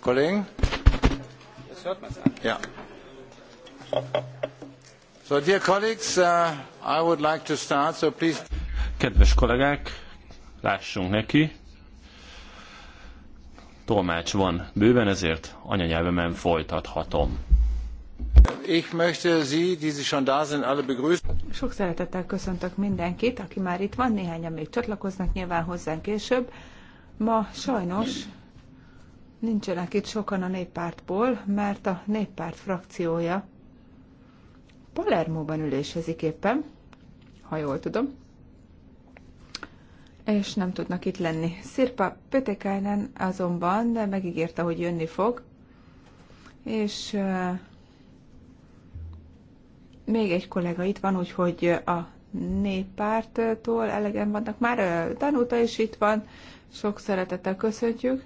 Kollegen? Das hört man Ja. So, dear colleagues, uh, I would like to start, so please... Kedves kollégák, lássunk neki. Tolmács van bőven, ezért anyanyelvemen folytathatom. Ich möchte Sie, die Sie schon da sind, alle begrüßen. Sok szeretettel köszöntök mindenkit, aki már itt van, néhányan még csatlakoznak nyilván hozzánk később. Ma sajnos nincsenek itt sokan a néppártból, mert a néppárt frakciója Palermóban ülésezik éppen, ha jól tudom, és nem tudnak itt lenni. Szirpa Pötekájnen azonban de megígérte, hogy jönni fog, és még egy kollega itt van, úgyhogy a néppárttól elegen vannak. Már tanulta is itt van. Sok szeretettel köszöntjük.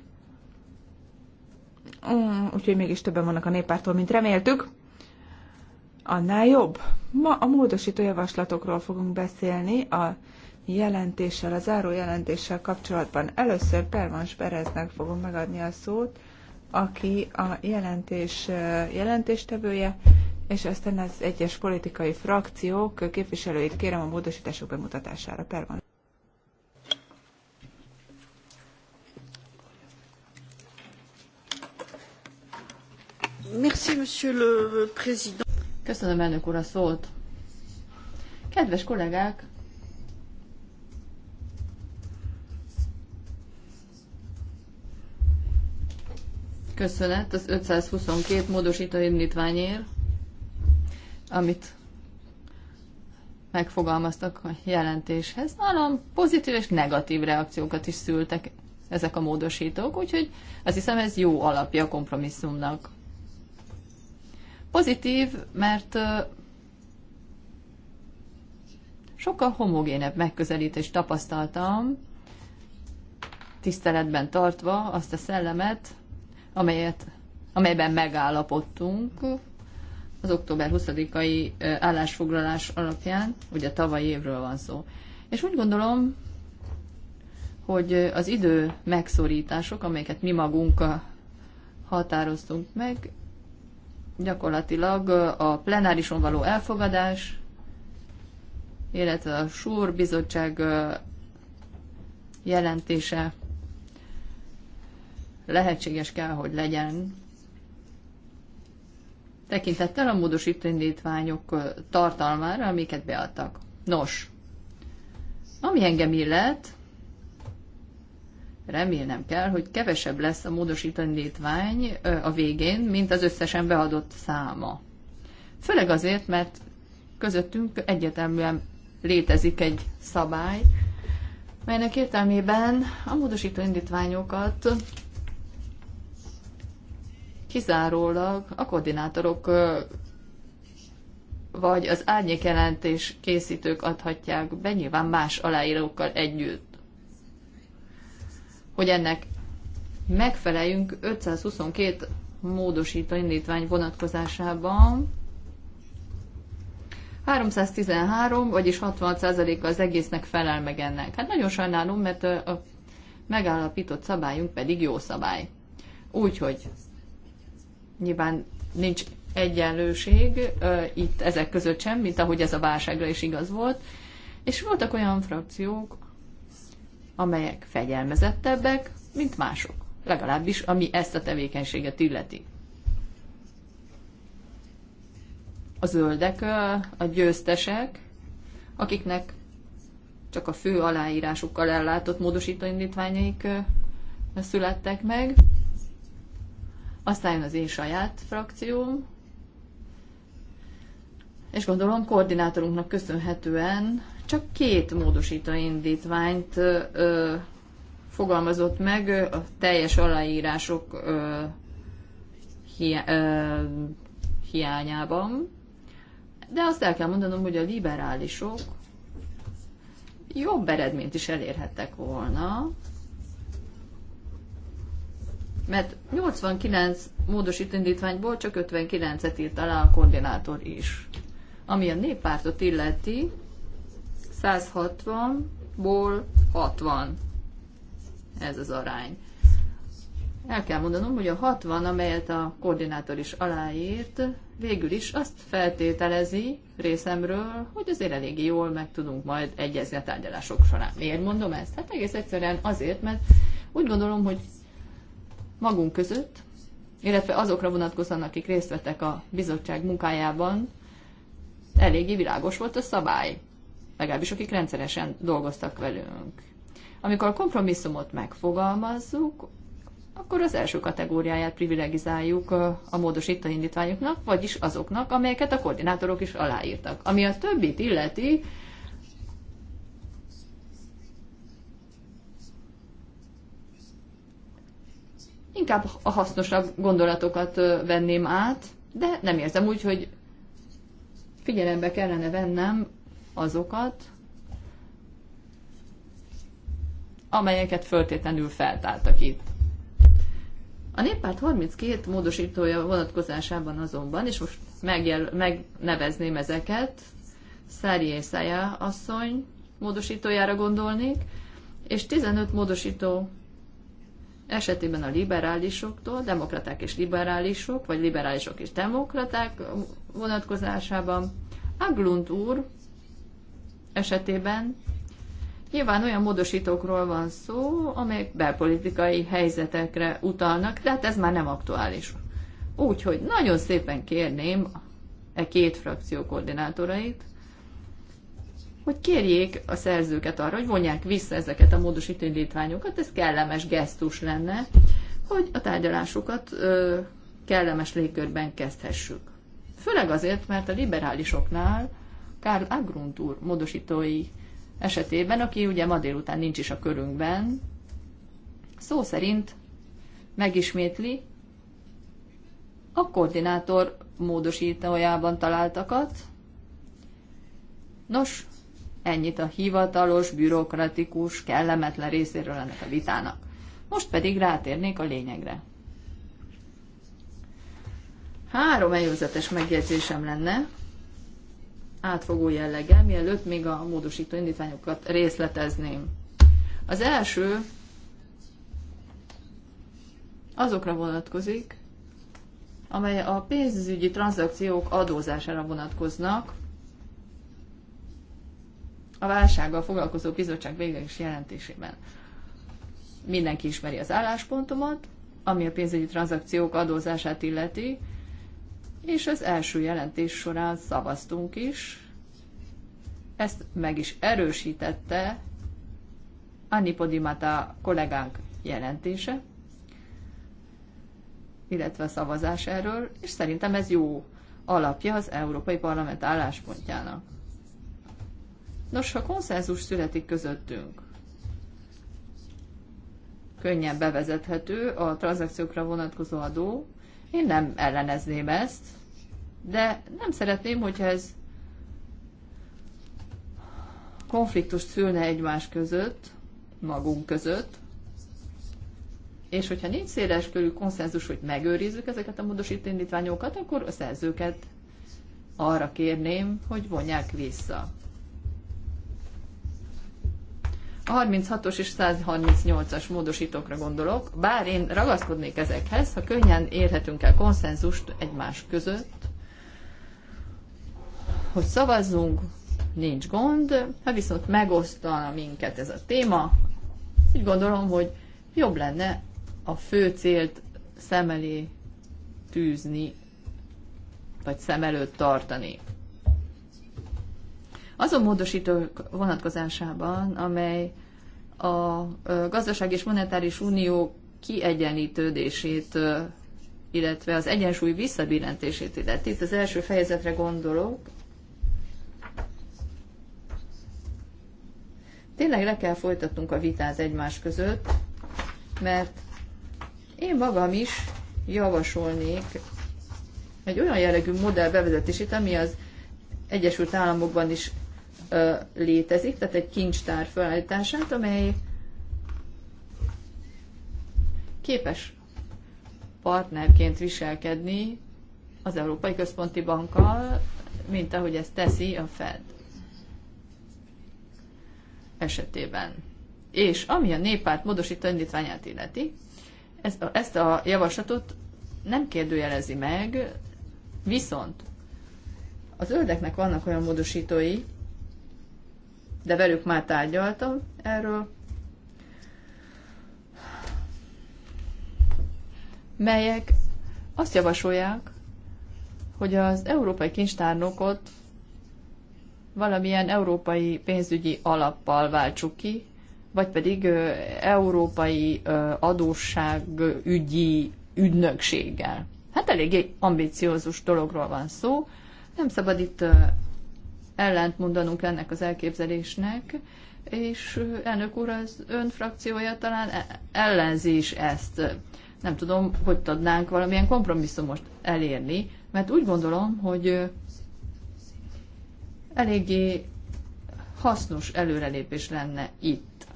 Mm, úgyhogy mégis többen vannak a néppártól, mint reméltük. Annál jobb. Ma a módosító javaslatokról fogunk beszélni a jelentéssel, a záró jelentéssel kapcsolatban. Először Pervans Bereznek fogom megadni a szót, aki a jelentés jelentéstevője, és aztán az egyes politikai frakciók képviselőit kérem a módosítások bemutatására. van. Merci, monsieur le président. Köszönöm, elnök úr, a szót. Kedves kollégák, Köszönet az 522 módosító indítványért amit megfogalmaztak a jelentéshez, hanem pozitív és negatív reakciókat is szültek ezek a módosítók, úgyhogy azt hiszem ez jó alapja a kompromisszumnak. Pozitív, mert sokkal homogénebb megközelítést tapasztaltam, tiszteletben tartva azt a szellemet, amelyet, amelyben megállapodtunk, az október 20-ai állásfoglalás alapján, ugye tavaly évről van szó. És úgy gondolom, hogy az idő megszorítások, amelyeket mi magunk határoztunk meg, gyakorlatilag a plenárison való elfogadás, illetve a SUR bizottság jelentése lehetséges kell, hogy legyen tekintettel a módosító indítványok tartalmára, amiket beadtak. Nos, ami engem illet, remélnem kell, hogy kevesebb lesz a módosító indítvány a végén, mint az összesen beadott száma. Főleg azért, mert közöttünk egyetemben létezik egy szabály, melynek értelmében a módosító indítványokat kizárólag a koordinátorok vagy az árnyékjelentés készítők adhatják be, nyilván más aláírókkal együtt. Hogy ennek megfeleljünk 522 módosító indítvány vonatkozásában, 313, vagyis 60 a az egésznek felel meg ennek. Hát nagyon sajnálom, mert a megállapított szabályunk pedig jó szabály. Úgyhogy nyilván nincs egyenlőség itt ezek között sem, mint ahogy ez a válságra is igaz volt. És voltak olyan frakciók, amelyek fegyelmezettebbek, mint mások. Legalábbis, ami ezt a tevékenységet illeti. A zöldek a győztesek, akiknek csak a fő aláírásukkal ellátott módosító indítványaik születtek meg, aztán jön az én saját frakcióm, és gondolom koordinátorunknak köszönhetően csak két módosító indítványt ö, fogalmazott meg a teljes aláírások ö, hi, ö, hiányában. De azt el kell mondanom, hogy a liberálisok jobb eredményt is elérhettek volna, mert 89 módosító indítványból csak 59-et írt alá a koordinátor is. Ami a néppártot illeti, 160-ból 60. Ez az arány. El kell mondanom, hogy a 60, amelyet a koordinátor is aláírt, végül is azt feltételezi részemről, hogy azért eléggé jól meg tudunk majd egyezni a tárgyalások során. Miért mondom ezt? Hát egész egyszerűen azért, mert úgy gondolom, hogy magunk között, illetve azokra vonatkozóan, akik részt vettek a bizottság munkájában, eléggé világos volt a szabály, legalábbis akik rendszeresen dolgoztak velünk. Amikor a kompromisszumot megfogalmazzuk, akkor az első kategóriáját privilegizáljuk a módosító indítványoknak, vagyis azoknak, amelyeket a koordinátorok is aláírtak. Ami a többit illeti, Inkább a hasznosabb gondolatokat venném át, de nem érzem úgy, hogy figyelembe kellene vennem azokat, amelyeket föltétlenül feltáltak itt. A néppárt 32 módosítója vonatkozásában azonban, és most megjel, megnevezném ezeket, Szári Észája asszony módosítójára gondolnék, és 15 módosító esetében a liberálisoktól, demokraták és liberálisok, vagy liberálisok és demokraták vonatkozásában, Aglund úr esetében nyilván olyan módosítókról van szó, amelyek belpolitikai helyzetekre utalnak, tehát ez már nem aktuális. Úgyhogy nagyon szépen kérném e két frakció koordinátorait, hogy kérjék a szerzőket arra, hogy vonják vissza ezeket a módosítói indítványokat, ez kellemes gesztus lenne, hogy a tárgyalásokat ö, kellemes légkörben kezdhessük. Főleg azért, mert a liberálisoknál Karl Agrund úr módosítói esetében, aki ugye ma délután nincs is a körünkben, szó szerint megismétli a koordinátor módosítójában találtakat. Nos, Ennyit a hivatalos, bürokratikus, kellemetlen részéről ennek a vitának. Most pedig rátérnék a lényegre. Három előzetes megjegyzésem lenne, átfogó jelleggel, mielőtt még a módosító indítványokat részletezném. Az első azokra vonatkozik, amely a pénzügyi tranzakciók adózására vonatkoznak, a válsággal foglalkozó bizottság végleges jelentésében. Mindenki ismeri az álláspontomat, ami a pénzügyi tranzakciók adózását illeti, és az első jelentés során szavaztunk is. Ezt meg is erősítette Anni Podimata kollégánk jelentése, illetve a szavazás erről, és szerintem ez jó alapja az Európai Parlament álláspontjának. Nos, ha konszenzus születik közöttünk, könnyen bevezethető a tranzakciókra vonatkozó adó, én nem ellenezném ezt, de nem szeretném, hogyha ez konfliktust szülne egymás között, magunk között, és hogyha nincs széles körű konszenzus, hogy megőrizzük ezeket a módosító indítványokat, akkor a szerzőket arra kérném, hogy vonják vissza. 36-os és 138-as módosítókra gondolok, bár én ragaszkodnék ezekhez, ha könnyen érhetünk el konszenzust egymás között, hogy szavazzunk, nincs gond, ha viszont megosztana minket ez a téma, így gondolom, hogy jobb lenne a fő célt szem elé tűzni, vagy szem előtt tartani azon módosítók vonatkozásában, amely a gazdaság és monetáris unió kiegyenlítődését, illetve az egyensúly visszabillentését illet. Itt az első fejezetre gondolok. Tényleg le kell folytatnunk a vitát egymás között, mert én magam is javasolnék egy olyan jellegű modell bevezetését, ami az Egyesült Államokban is létezik, tehát egy kincstár felállítását, amely képes partnerként viselkedni az Európai Központi Bankkal, mint ahogy ezt teszi a Fed esetében. És ami a néppárt módosító indítványát illeti, ezt a, ezt a javaslatot nem kérdőjelezi meg, viszont az öldeknek vannak olyan módosítói, de velük már tárgyaltam erről, melyek azt javasolják, hogy az európai kincstárnokot valamilyen európai pénzügyi alappal váltsuk ki, vagy pedig ö, európai ö, adósságügyi ügynökséggel. Hát eléggé ambiciózus dologról van szó, nem szabad itt ellent mondanunk ennek az elképzelésnek, és elnök úr, az ön frakciója talán e- ellenzi is ezt. Nem tudom, hogy tudnánk valamilyen kompromisszumot elérni, mert úgy gondolom, hogy eléggé hasznos előrelépés lenne itt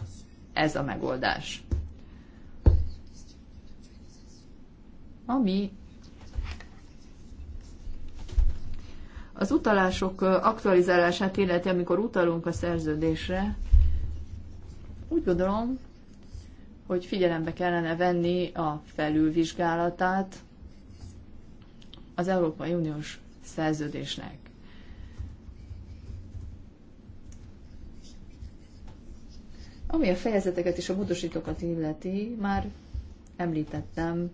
ez a megoldás. Ami Az utalások aktualizálását illeti, amikor utalunk a szerződésre, úgy gondolom, hogy figyelembe kellene venni a felülvizsgálatát az Európai Uniós szerződésnek. Ami a fejezeteket és a módosítókat illeti, már említettem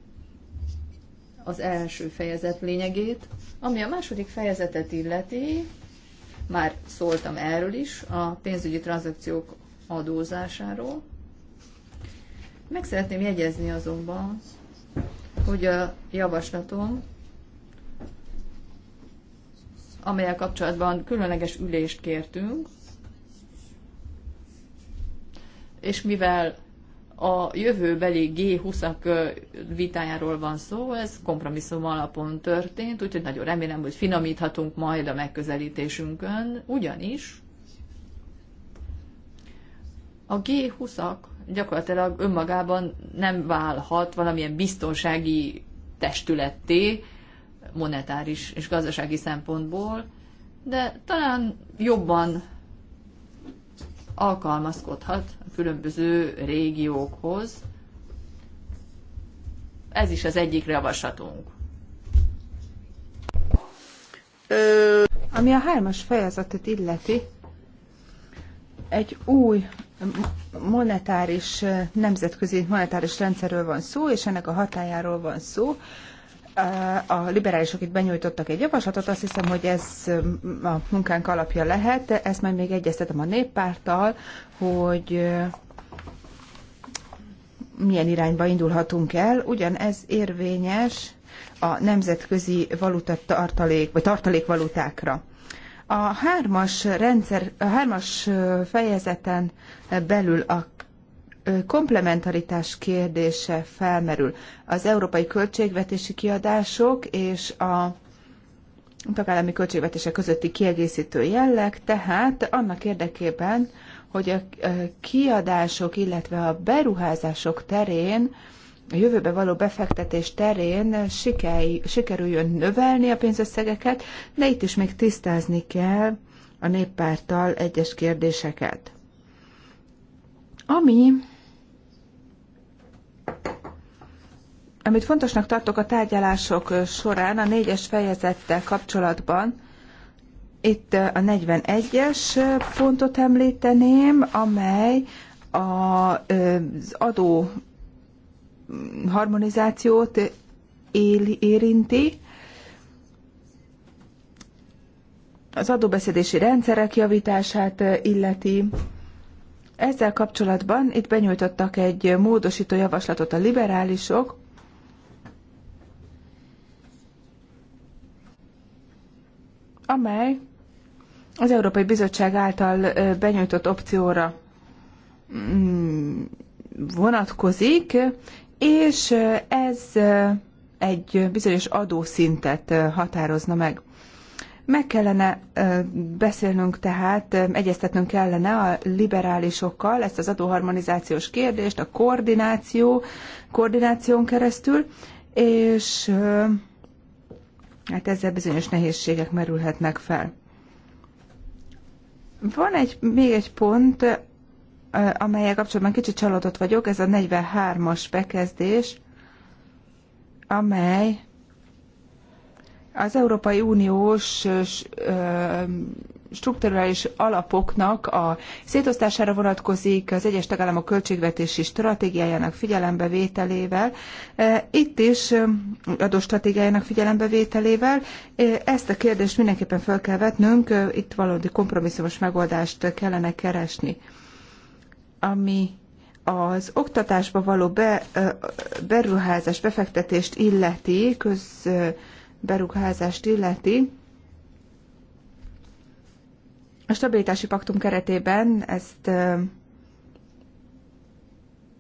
az első fejezet lényegét. Ami a második fejezetet illeti, már szóltam erről is, a pénzügyi tranzakciók adózásáról. Meg szeretném jegyezni azonban, hogy a javaslatom, amelyel kapcsolatban különleges ülést kértünk, és mivel a jövőbeli G20-ak vitájáról van szó, ez kompromisszum alapon történt, úgyhogy nagyon remélem, hogy finomíthatunk majd a megközelítésünkön, ugyanis a G20-ak gyakorlatilag önmagában nem válhat valamilyen biztonsági testületté, monetáris és gazdasági szempontból, de talán jobban alkalmazkodhat a különböző régiókhoz. Ez is az egyik javaslatunk. Ami a hármas fejezetet illeti, egy új monetáris, nemzetközi monetáris rendszerről van szó, és ennek a hatájáról van szó a liberálisok itt benyújtottak egy javaslatot, azt hiszem, hogy ez mm, a munkánk alapja lehet, ezt majd még egyeztetem a néppárttal, hogy milyen irányba indulhatunk el. Ugyanez érvényes a nemzetközi valuta tartalék, vagy tartalékvalutákra. A hármas rendszer, a hármas fejezeten belül a komplementaritás kérdése felmerül. Az európai költségvetési kiadások és a tagállami költségvetések közötti kiegészítő jelleg, tehát annak érdekében, hogy a kiadások, illetve a beruházások terén, a jövőbe való befektetés terén sikerj, sikerüljön növelni a pénzösszegeket, de itt is még tisztázni kell a néppárttal egyes kérdéseket. Ami Amit fontosnak tartok a tárgyalások során a négyes fejezettel kapcsolatban, itt a 41-es pontot említeném, amely az adó harmonizációt érinti, az adóbeszedési rendszerek javítását illeti. Ezzel kapcsolatban itt benyújtottak egy módosító javaslatot a liberálisok, amely az Európai Bizottság által benyújtott opcióra mm, vonatkozik, és ez egy bizonyos adószintet határozna meg. Meg kellene beszélnünk tehát, egyeztetnünk kellene a liberálisokkal ezt az adóharmonizációs kérdést, a koordináció, koordináción keresztül, és Hát ezzel bizonyos nehézségek merülhetnek fel. Van egy, még egy pont, amelyel kapcsolatban kicsit csalódott vagyok, ez a 43-as bekezdés, amely az Európai Uniós strukturális alapoknak a szétosztására vonatkozik az egyes tagállamok költségvetési stratégiájának figyelembevételével. Eh, itt is eh, adóstratégiájának figyelembevételével eh, ezt a kérdést mindenképpen fel kell vetnünk, itt valódi kompromisszumos megoldást kellene keresni. Ami az oktatásba való be, beruházás, befektetést illeti, közberuházást illeti, a stabilitási paktum keretében ezt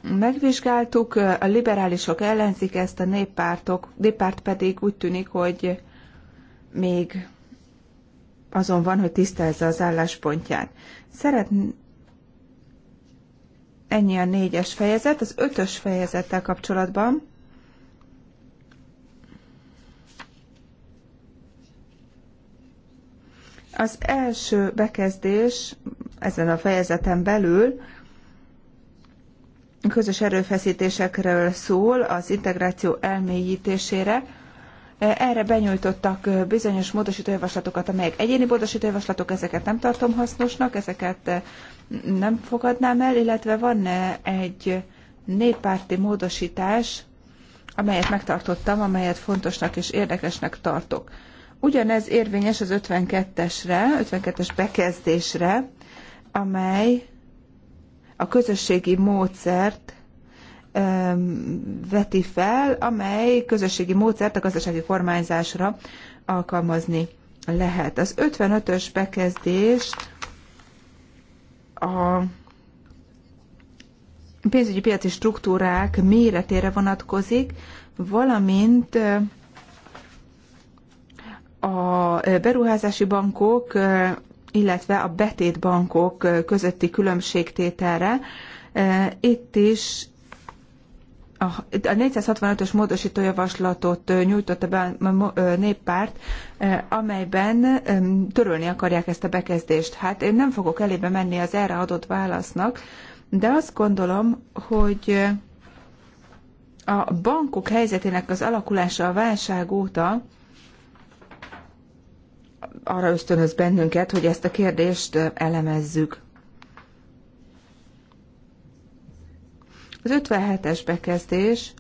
megvizsgáltuk, a liberálisok ellenzik ezt, a néppártok, néppárt pedig úgy tűnik, hogy még azon van, hogy tisztelze az álláspontját. Szeret ennyi a négyes fejezet, az ötös fejezettel kapcsolatban Az első bekezdés ezen a fejezeten belül közös erőfeszítésekről szól, az integráció elmélyítésére. Erre benyújtottak bizonyos módosítójavaslatokat, amelyek egyéni módosítójavaslatok, ezeket nem tartom hasznosnak, ezeket nem fogadnám el, illetve van egy néppárti módosítás, amelyet megtartottam, amelyet fontosnak és érdekesnek tartok. Ugyanez érvényes az 52-esre, 52-es bekezdésre, amely a közösségi módszert veti fel, amely közösségi módszert a gazdasági kormányzásra alkalmazni lehet. Az 55-ös bekezdés a pénzügyi piaci struktúrák méretére vonatkozik, valamint a beruházási bankok, illetve a betétbankok közötti különbségtételre. Itt is a 465-ös módosító javaslatot nyújtotta be a néppárt, amelyben törölni akarják ezt a bekezdést. Hát én nem fogok elébe menni az erre adott válasznak, de azt gondolom, hogy a bankok helyzetének az alakulása a válság óta arra ösztönöz bennünket, hogy ezt a kérdést elemezzük. Az 57-es bekezdés,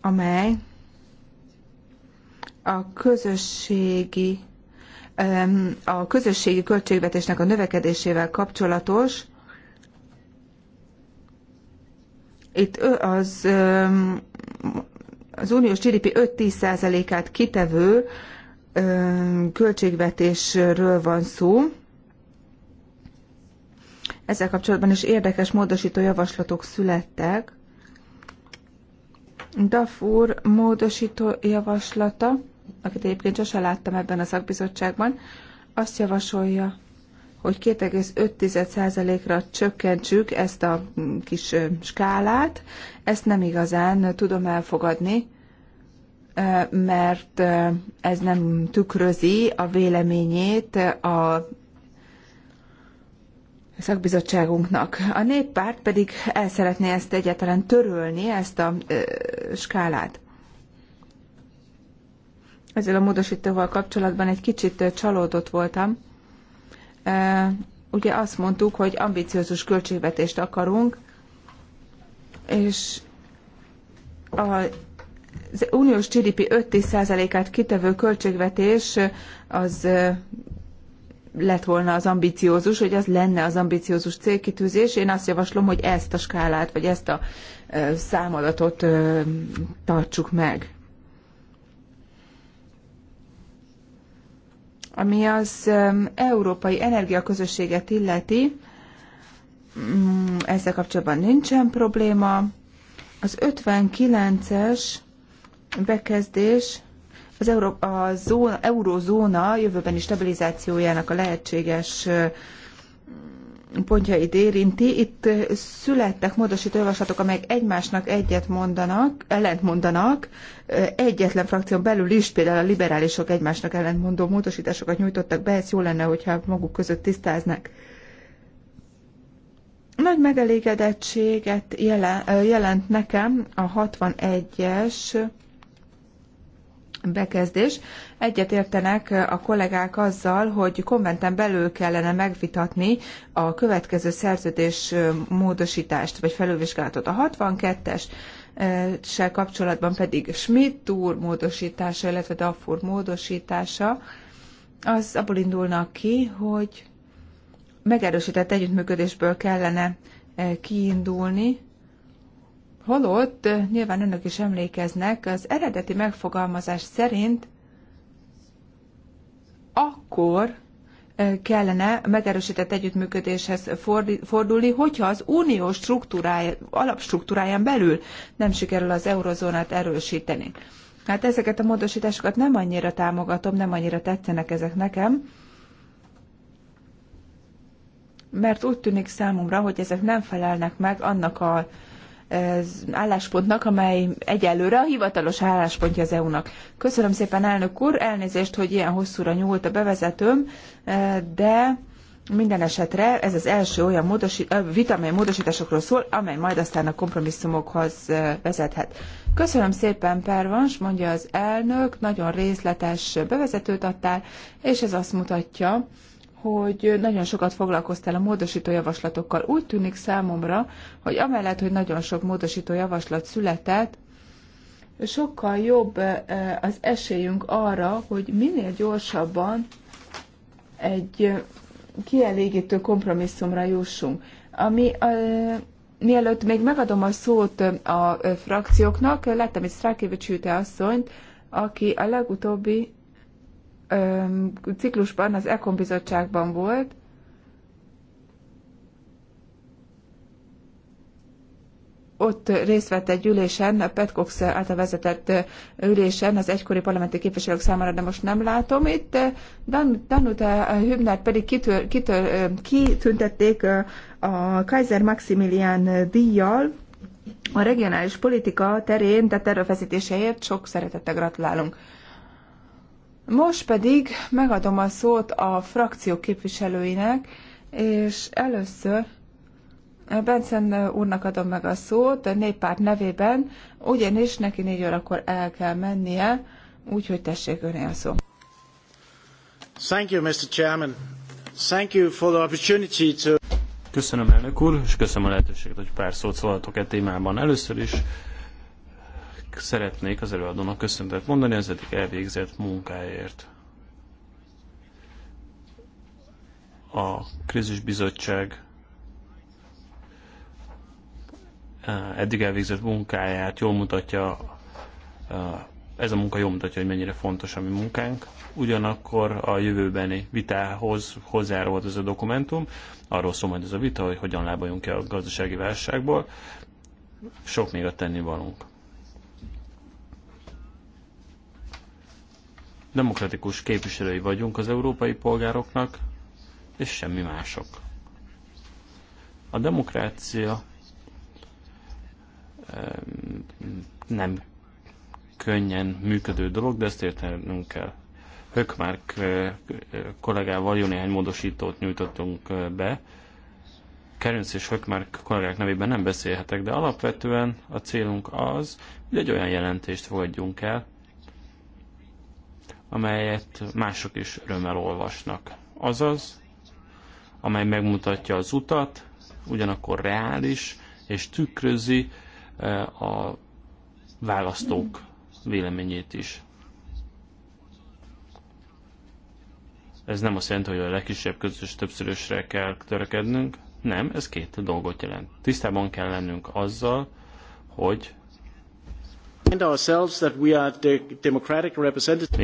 amely a közösségi a közösségi költségvetésnek a növekedésével kapcsolatos. Itt az, az uniós GDP 5-10%-át kitevő költségvetésről van szó. Ezzel kapcsolatban is érdekes módosító javaslatok születtek. Dafur módosító javaslata, akit egyébként sose láttam ebben a szakbizottságban, azt javasolja, hogy 2,5%-ra csökkentsük ezt a kis skálát. Ezt nem igazán tudom elfogadni, mert ez nem tükrözi a véleményét a szakbizottságunknak. A néppárt pedig el szeretné ezt egyáltalán törölni, ezt a ö, skálát. Ezzel a módosítóval kapcsolatban egy kicsit csalódott voltam. E, ugye azt mondtuk, hogy ambiciózus költségvetést akarunk, és a az uniós GDP 5-10%-át kitevő költségvetés az lett volna az ambiciózus, hogy az lenne az ambiciózus célkitűzés. Én azt javaslom, hogy ezt a skálát, vagy ezt a számadatot tartsuk meg. Ami az Európai Energiaközösséget illeti, mm, ezzel kapcsolatban nincsen probléma. Az 59-es bekezdés az Euró, a zóna, eurozóna jövőbeni stabilizációjának a lehetséges pontjait érinti. Itt születtek módosító javaslatok, amelyek egymásnak egyet mondanak, ellent mondanak. Egyetlen frakción belül is például a liberálisok egymásnak ellentmondó módosításokat nyújtottak be, ez jó lenne, hogyha maguk között tisztáznak. Nagy megelégedettséget jelent nekem a 61-es bekezdés. Egyet értenek a kollégák azzal, hogy konventen belül kellene megvitatni a következő szerződés módosítást vagy felülvizsgálatot. A 62-es sel kapcsolatban pedig Schmidt úr módosítása, illetve Daffur módosítása, az abból indulnak ki, hogy megerősített együttműködésből kellene kiindulni, Holott eh, nyilván önök is emlékeznek, az eredeti megfogalmazás szerint akkor eh, kellene megerősített együttműködéshez fordulni, hogyha az unió struktúrája, alapstruktúráján belül nem sikerül az eurozónát erősíteni. Hát ezeket a módosításokat nem annyira támogatom, nem annyira tetszenek ezek nekem, mert úgy tűnik számomra, hogy ezek nem felelnek meg annak a álláspontnak, amely egyelőre a hivatalos álláspontja az EU-nak. Köszönöm szépen, elnök úr, elnézést, hogy ilyen hosszúra nyúlt a bevezetőm, eh, de minden esetre ez az első olyan eh, vita, amely módosításokról szól, amely majd aztán a kompromisszumokhoz eh, vezethet. Köszönöm szépen, Pervans, mondja az elnök, nagyon részletes bevezetőt adtál, és ez azt mutatja, hogy nagyon sokat foglalkoztál a módosító javaslatokkal. Úgy tűnik számomra, hogy amellett, hogy nagyon sok módosító javaslat született, sokkal jobb eh, az esélyünk arra, hogy minél gyorsabban egy eh, kielégítő kompromisszumra jussunk. Ami a, eh, mielőtt még megadom a szót a frakcióknak, láttam egy Szrákévics asszonyt, aki a legutóbbi ciklusban az Ekon bizottságban volt, ott részt vett egy ülésen, a Petcox által vezetett ülésen az egykori parlamenti képviselők számára, de most nem látom. Itt Dan Danuta Hübnert pedig kitör, kitör, kitüntették a Kaiser Maximilian díjjal, a regionális politika terén tett erőfeszítéseért sok szeretettel gratulálunk. Most pedig megadom a szót a frakció képviselőinek, és először Bencen úrnak adom meg a szót a néppárt nevében, ugyanis neki négy órakor el kell mennie, úgyhogy tessék öné a szó. Thank you, Mr. Chairman. Thank you for the opportunity to... Köszönöm, elnök úr, és köszönöm a lehetőséget, hogy pár szót szólhatok e témában. Először is szeretnék az előadónak köszöntet mondani az eddig elvégzett munkáért. A bizottság eh, eddig elvégzett munkáját jól mutatja, eh, ez a munka jól mutatja, hogy mennyire fontos a mi munkánk. Ugyanakkor a jövőbeni vitához hozzájárulhat ez a dokumentum, arról szól majd ez a vita, hogy hogyan lábajunk ki a gazdasági válságból. Sok még a tennivalónk. Demokratikus képviselői vagyunk az európai polgároknak, és semmi mások. A demokrácia nem könnyen működő dolog, de ezt értenünk kell. Hökmárk kollégával jó néhány módosítót nyújtottunk be. Kerünc és Hökmárk kollégák nevében nem beszélhetek, de alapvetően a célunk az, hogy egy olyan jelentést fogadjunk el, amelyet mások is örömmel olvasnak. Azaz, amely megmutatja az utat, ugyanakkor reális, és tükrözi eh, a választók véleményét is. Ez nem azt jelenti, hogy a legkisebb közös többszörösre kell törekednünk, nem, ez két dolgot jelent. Tisztában kell lennünk azzal, hogy még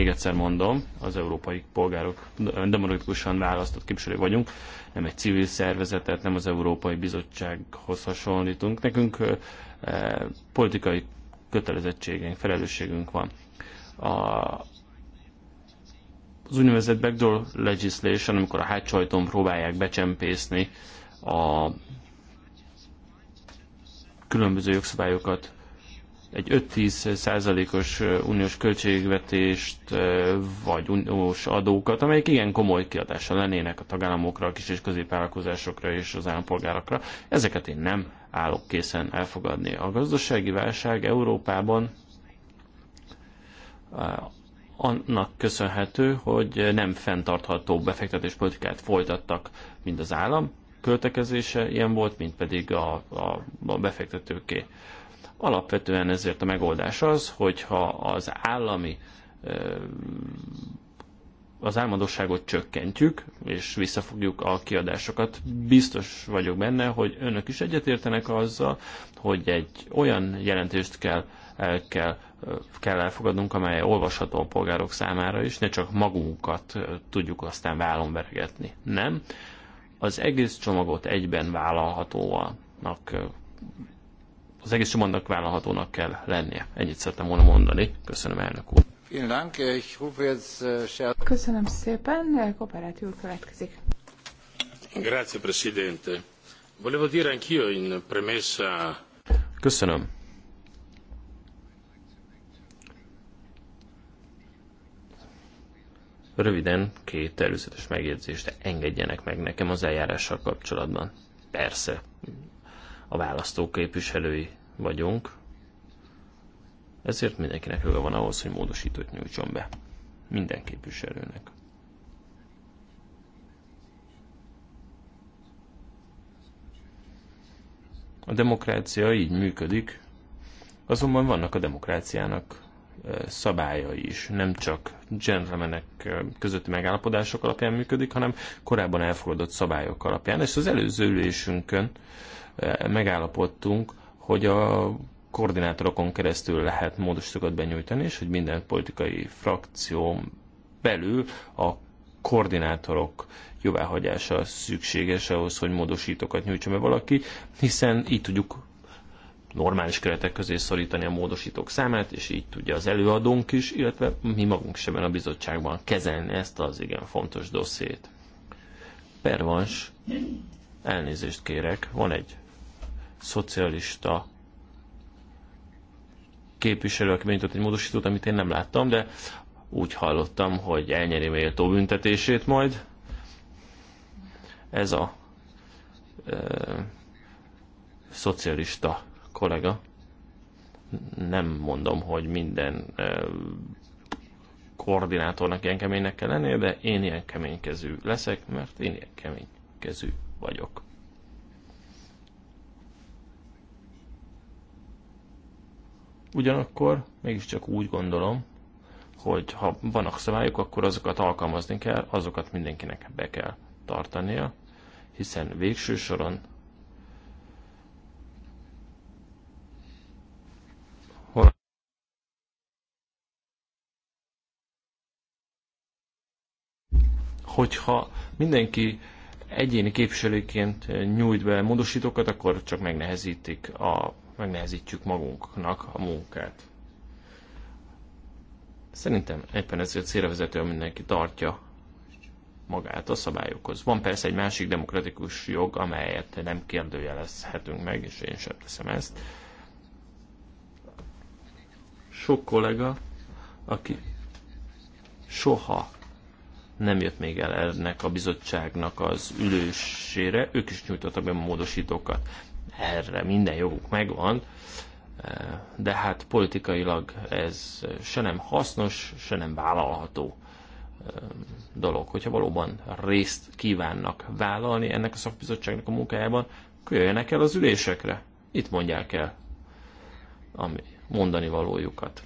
egyszer mondom, az európai polgárok demokratikusan választott képviselő vagyunk, nem egy civil szervezetet, nem az Európai Bizottsághoz hasonlítunk. Nekünk e, politikai kötelezettségeink, felelősségünk van. A, az úgynevezett backdoor legislation, amikor a hátsó ajtón próbálják becsempészni a különböző jogszabályokat egy 5-10 százalékos uniós költségvetést, vagy uniós adókat, amelyek igen komoly kiadással lennének a tagállamokra, a kis és középvállalkozásokra és az állampolgárokra. Ezeket én nem állok készen elfogadni. A gazdasági válság Európában annak köszönhető, hogy nem fenntartható befektetéspolitikát folytattak, mind az állam költekezése ilyen volt, mint pedig a, a, a befektetőké. Alapvetően ezért a megoldás az, hogyha az állami az álmodosságot csökkentjük, és visszafogjuk a kiadásokat. Biztos vagyok benne, hogy önök is egyetértenek azzal, hogy egy olyan jelentést kell, el kell, kell elfogadnunk, amely olvasható a polgárok számára is, ne csak magunkat tudjuk aztán vállon veregetni. Nem. Az egész csomagot egyben vállalhatóanak az egész csomagnak vállalhatónak kell lennie. Ennyit szerettem volna mondani. Köszönöm, elnök úr. Äh, Köszönöm szépen. Kooperatív úr következik. Grazie, Presidente. Volevo dire anch'io in premessa... Köszönöm. Röviden két előzetes megjegyzést engedjenek meg nekem az eljárással kapcsolatban. Persze, a választóképviselői vagyunk, ezért mindenkinek joga van ahhoz, hogy módosítót nyújtson be. Minden képviselőnek. A demokrácia így működik, azonban vannak a demokráciának szabályai is, nem csak gentlemanek közötti megállapodások alapján működik, hanem korábban elfogadott szabályok alapján. És az előző ülésünkön megállapodtunk, hogy a koordinátorokon keresztül lehet módosítókat benyújtani, és hogy minden politikai frakció belül a koordinátorok jóváhagyása szükséges ahhoz, hogy módosítókat nyújtson be valaki, hiszen így tudjuk normális keretek közé szorítani a módosítók számát, és így tudja az előadónk is, illetve mi magunk is ebben a bizottságban kezelni ezt az igen fontos dossziét. Pervans, elnézést kérek, van egy szocialista képviselő, aki benyitott egy módosítót, amit én nem láttam, de úgy hallottam, hogy elnyeri méltó büntetését majd. Ez a e, szocialista kollega. Nem mondom, hogy minden e, koordinátornak ilyen keménynek kell lennie, de én ilyen keménykezű leszek, mert én ilyen keménykezű vagyok. Ugyanakkor mégiscsak úgy gondolom, hogy ha vannak szabályok, akkor azokat alkalmazni kell, azokat mindenkinek be kell tartania, hiszen végső soron hogyha mindenki egyéni képviselőként nyújt be módosítókat, akkor csak megnehezítik a megnehezítjük magunknak a munkát. Szerintem éppen ezért célra vezető, mindenki tartja magát a szabályokhoz. Van persze egy másik demokratikus jog, amelyet nem kérdőjelezhetünk meg, és én sem teszem ezt. Sok kollega, aki soha nem jött még el ennek a bizottságnak az ülésére, ők is nyújtottak be módosítókat erre minden joguk megvan, eh, de hát politikailag ez se nem hasznos, se nem vállalható eh, dolog. Hogyha valóban részt kívánnak vállalni ennek a szakbizottságnak a munkájában, jöjjenek el az ülésekre. Itt mondják el ami mondani valójukat.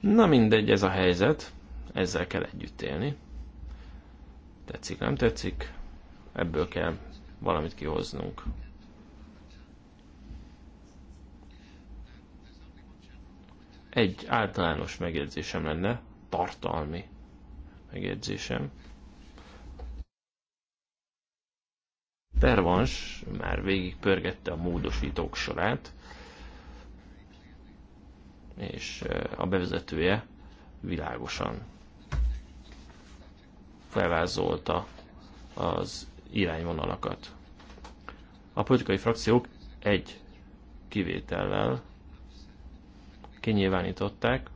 Na mindegy, ez a helyzet, ezzel kell együtt élni. Tetszik, nem tetszik, ebből kell valamit kihoznunk. Egy általános megjegyzésem lenne, tartalmi megjegyzésem. Pervans már végig pörgette a módosítók sorát, és a bevezetője világosan felvázolta az irányvonalakat. A politikai frakciók egy kivétellel kinyilvánították,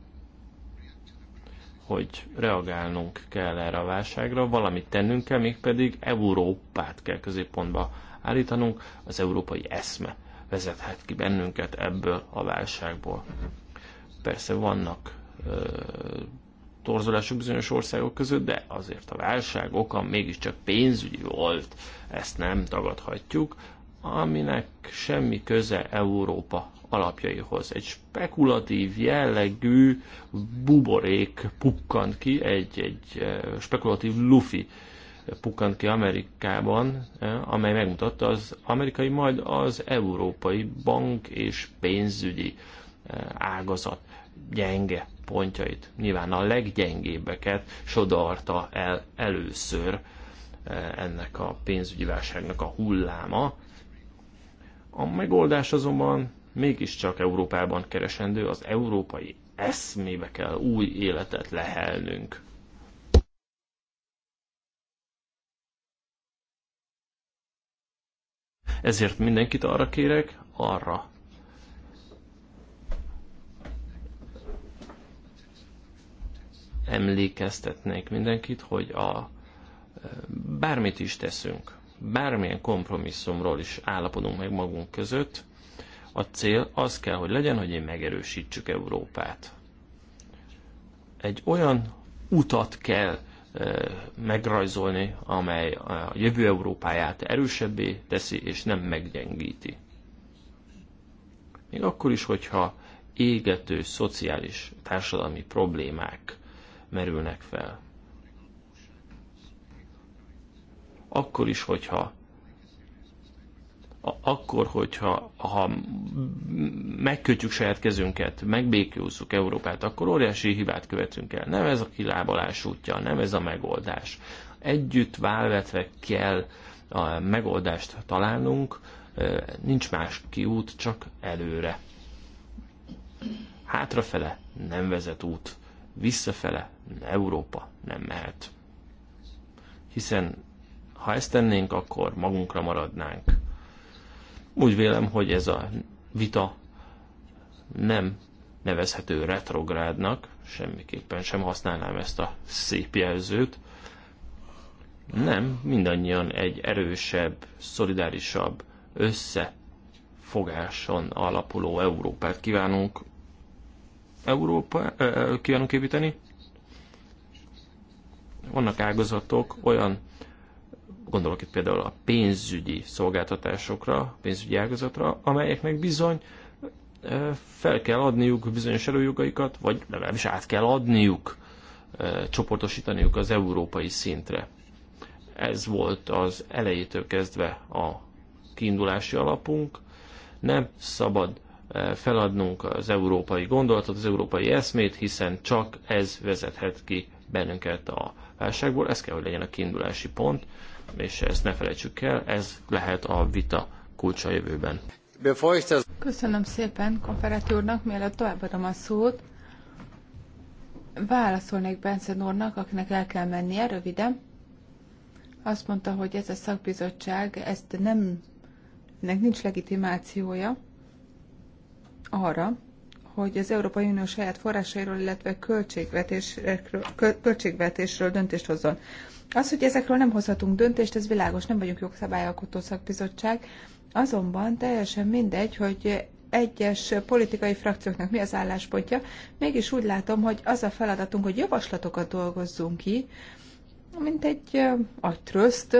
hogy reagálnunk kell erre a válságra, valamit tennünk kell, mégpedig Európát kell középpontba állítanunk, az európai eszme vezethet ki bennünket ebből a válságból. Persze vannak ö, torzulások bizonyos országok között, de azért a válság oka mégiscsak pénzügyi volt, ezt nem tagadhatjuk, aminek semmi köze Európa alapjaihoz. Egy spekulatív jellegű buborék pukkant ki, egy, egy eh, spekulatív lufi pukkant ki Amerikában, eh, amely megmutatta az amerikai, majd az európai bank és pénzügyi eh, ágazat gyenge pontjait. Nyilván a leggyengébbeket sodarta el először ennek a pénzügyi válságnak a hulláma. A megoldás azonban mégiscsak Európában keresendő, az európai eszmébe kell új életet lehelnünk. Ezért mindenkit arra kérek, arra. Emlékeztetnék mindenkit, hogy a e, bármit is teszünk, bármilyen kompromisszumról is állapodunk meg magunk között, a cél az kell, hogy legyen, hogy én megerősítsük Európát. Egy olyan utat kell e, megrajzolni, amely a jövő Európáját erősebbé teszi, és nem meggyengíti. Még akkor is, hogyha égető szociális társadalmi problémák merülnek fel. Akkor is, hogyha akkor, hogyha ha megkötjük saját kezünket, megbékőzzük Európát, akkor óriási hibát követünk el. Nem ez a kilábalás útja, nem ez a megoldás. Együtt válvetve kell a megoldást találnunk, nincs más kiút, csak előre. Hátrafele nem vezet út, visszafele Európa nem mehet. Hiszen ha ezt tennénk, akkor magunkra maradnánk úgy vélem, hogy ez a vita nem nevezhető retrográdnak, semmiképpen sem használnám ezt a szép jelzőt. Nem, mindannyian egy erősebb, szolidárisabb, összefogáson alapuló Európát kívánunk Európa, kívánunk építeni. Vannak ágazatok, olyan Gondolok itt például a pénzügyi szolgáltatásokra, pénzügyi ágazatra, amelyeknek bizony fel kell adniuk bizonyos előjogaikat, vagy legalábbis át kell adniuk, csoportosítaniuk az európai szintre. Ez volt az elejétől kezdve a kiindulási alapunk. Nem szabad feladnunk az európai gondolatot, az európai eszmét, hiszen csak ez vezethet ki bennünket a válságból. Ez kell, hogy legyen a kiindulási pont és ezt ne felejtsük el, ez lehet a vita kulcsa a jövőben. Köszönöm szépen konferáti úrnak, mielőtt továbbadom a szót. Válaszolnék Bence úrnak, akinek el kell mennie röviden. Azt mondta, hogy ez a szakbizottság, ezt nem, ennek nincs legitimációja arra, hogy az Európai Unió saját forrásairól, illetve költségvetésről, költségvetésről döntést hozzon. Az, hogy ezekről nem hozhatunk döntést, ez világos, nem vagyunk jogszabályalkotó szakbizottság, azonban teljesen mindegy, hogy egyes politikai frakcióknak mi az álláspontja, mégis úgy látom, hogy az a feladatunk, hogy javaslatokat dolgozzunk ki, mint egy agytrözt,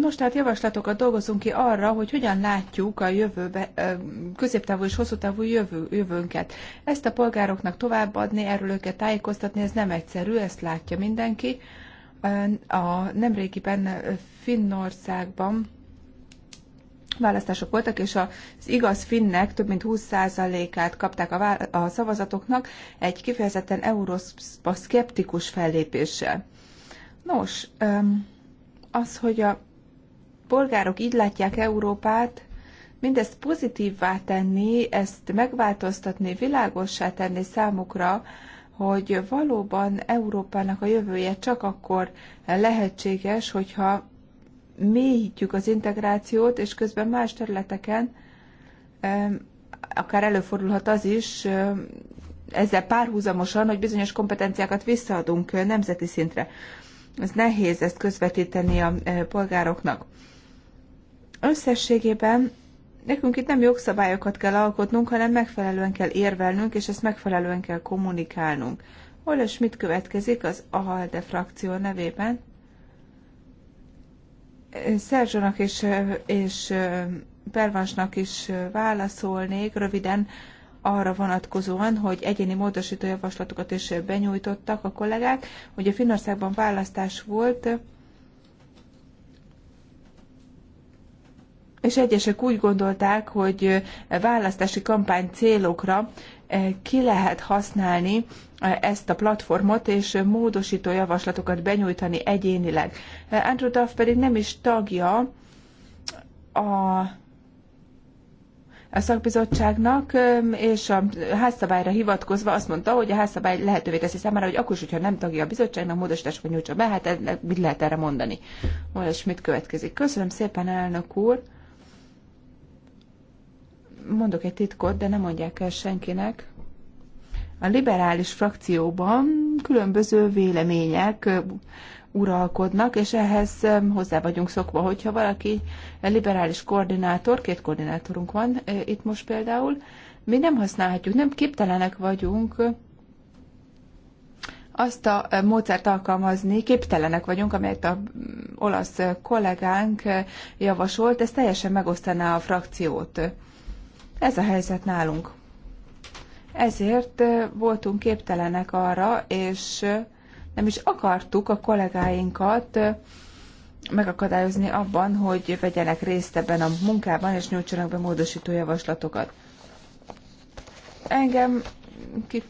Nos, tehát javaslatokat dolgozunk ki arra, hogy hogyan látjuk a jövőbe, középtávú és hosszú távú jövő, jövőnket. Ezt a polgároknak továbbadni, erről őket tájékoztatni, ez nem egyszerű, ezt látja mindenki. A nemrégiben Finnországban választások voltak, és az igaz finnek több mint 20%-át kapták a, vála- a szavazatoknak egy kifejezetten euroszkeptikus fellépéssel. Nos, az, hogy a polgárok így látják Európát, mindezt pozitívvá tenni, ezt megváltoztatni, világossá tenni számukra, hogy valóban Európának a jövője csak akkor lehetséges, hogyha mélyítjük az integrációt, és közben más területeken akár előfordulhat az is, ezzel párhuzamosan, hogy bizonyos kompetenciákat visszaadunk nemzeti szintre. Ez nehéz ezt közvetíteni a polgároknak. Összességében nekünk itt nem jogszabályokat kell alkotnunk, hanem megfelelően kell érvelnünk, és ezt megfelelően kell kommunikálnunk. Hol és mit következik az AHLD frakció nevében? Szerzsónak és, és Pervansnak is válaszolnék röviden arra vonatkozóan, hogy egyéni módosító javaslatokat is benyújtottak a kollégák. a Finországban választás volt, és egyesek úgy gondolták, hogy választási kampány célokra ki lehet használni ezt a platformot, és módosító javaslatokat benyújtani egyénileg. Andrew Duff pedig nem is tagja a a szakbizottságnak, és a házszabályra hivatkozva azt mondta, hogy a házszabály lehetővé teszi számára, hogy akkor is, hogyha nem tagja a bizottságnak, módosításba nyújtsa be, hát mit lehet erre mondani? Olyas mit következik. Köszönöm szépen, elnök úr! mondok egy titkot, de nem mondják el senkinek. A liberális frakcióban különböző vélemények uralkodnak, és ehhez hozzá vagyunk szokva, hogyha valaki liberális koordinátor, két koordinátorunk van itt most például, mi nem használhatjuk, nem képtelenek vagyunk azt a módszert alkalmazni, képtelenek vagyunk, amelyet a olasz kollégánk javasolt, ez teljesen megosztaná a frakciót. Ez a helyzet nálunk. Ezért voltunk képtelenek arra, és nem is akartuk a kollégáinkat megakadályozni abban, hogy vegyenek részt ebben a munkában, és nyújtsanak be módosító javaslatokat. Engem ki...